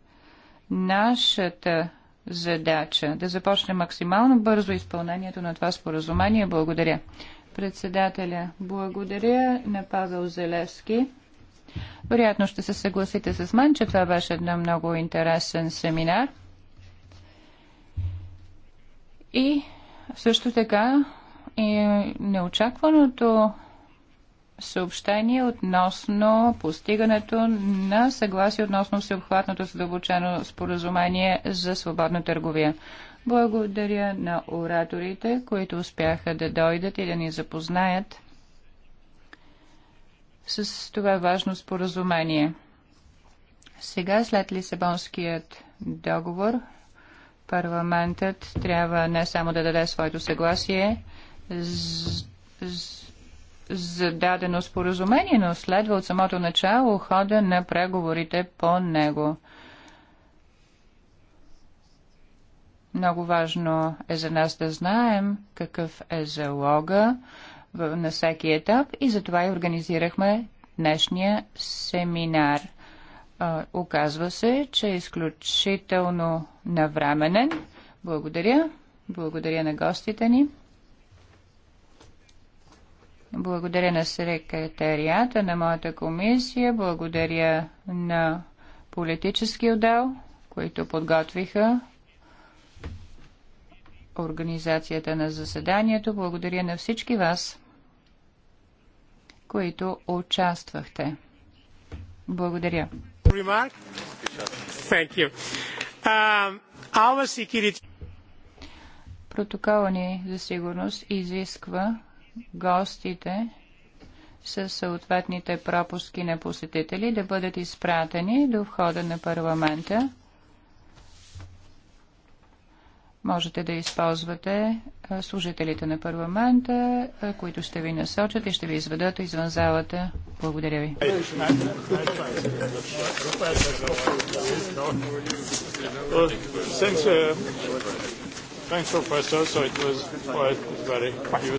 нашата задача да започне максимално бързо изпълнението на това споразумение. Благодаря. Председателя, благодаря на Павел Зелевски. Вероятно ще се съгласите с мен, че това беше една много интересен семинар. И също така и неочакваното съобщение относно постигането на съгласие относно всеобхватното задълбочено споразумение за свободна търговия. Благодаря на ораторите, които успяха да дойдат и да ни запознаят с това важно споразумение. Сега, след Лисабонският договор, парламентът трябва не само да даде своето съгласие, за дадено споразумение, но следва от самото начало хода на преговорите по него. Много важно е за нас да знаем какъв е залога на всеки етап и затова и организирахме днешния семинар. Оказва се, че е изключително навременен. Благодаря. Благодаря на гостите ни. Благодаря на секретарията на моята комисия, благодаря на политически отдел, които подготвиха организацията на заседанието. Благодаря на всички вас, които участвахте. Благодаря. Um, Протокола ни за сигурност изисква гостите с съответните пропуски на посетители да бъдат изпратени до входа на парламента. Можете да използвате служителите на парламента, които ще ви насочат и ще ви изведат извън залата. Благодаря ви. Thanks, uh, thanks, Professor. So it was quite very.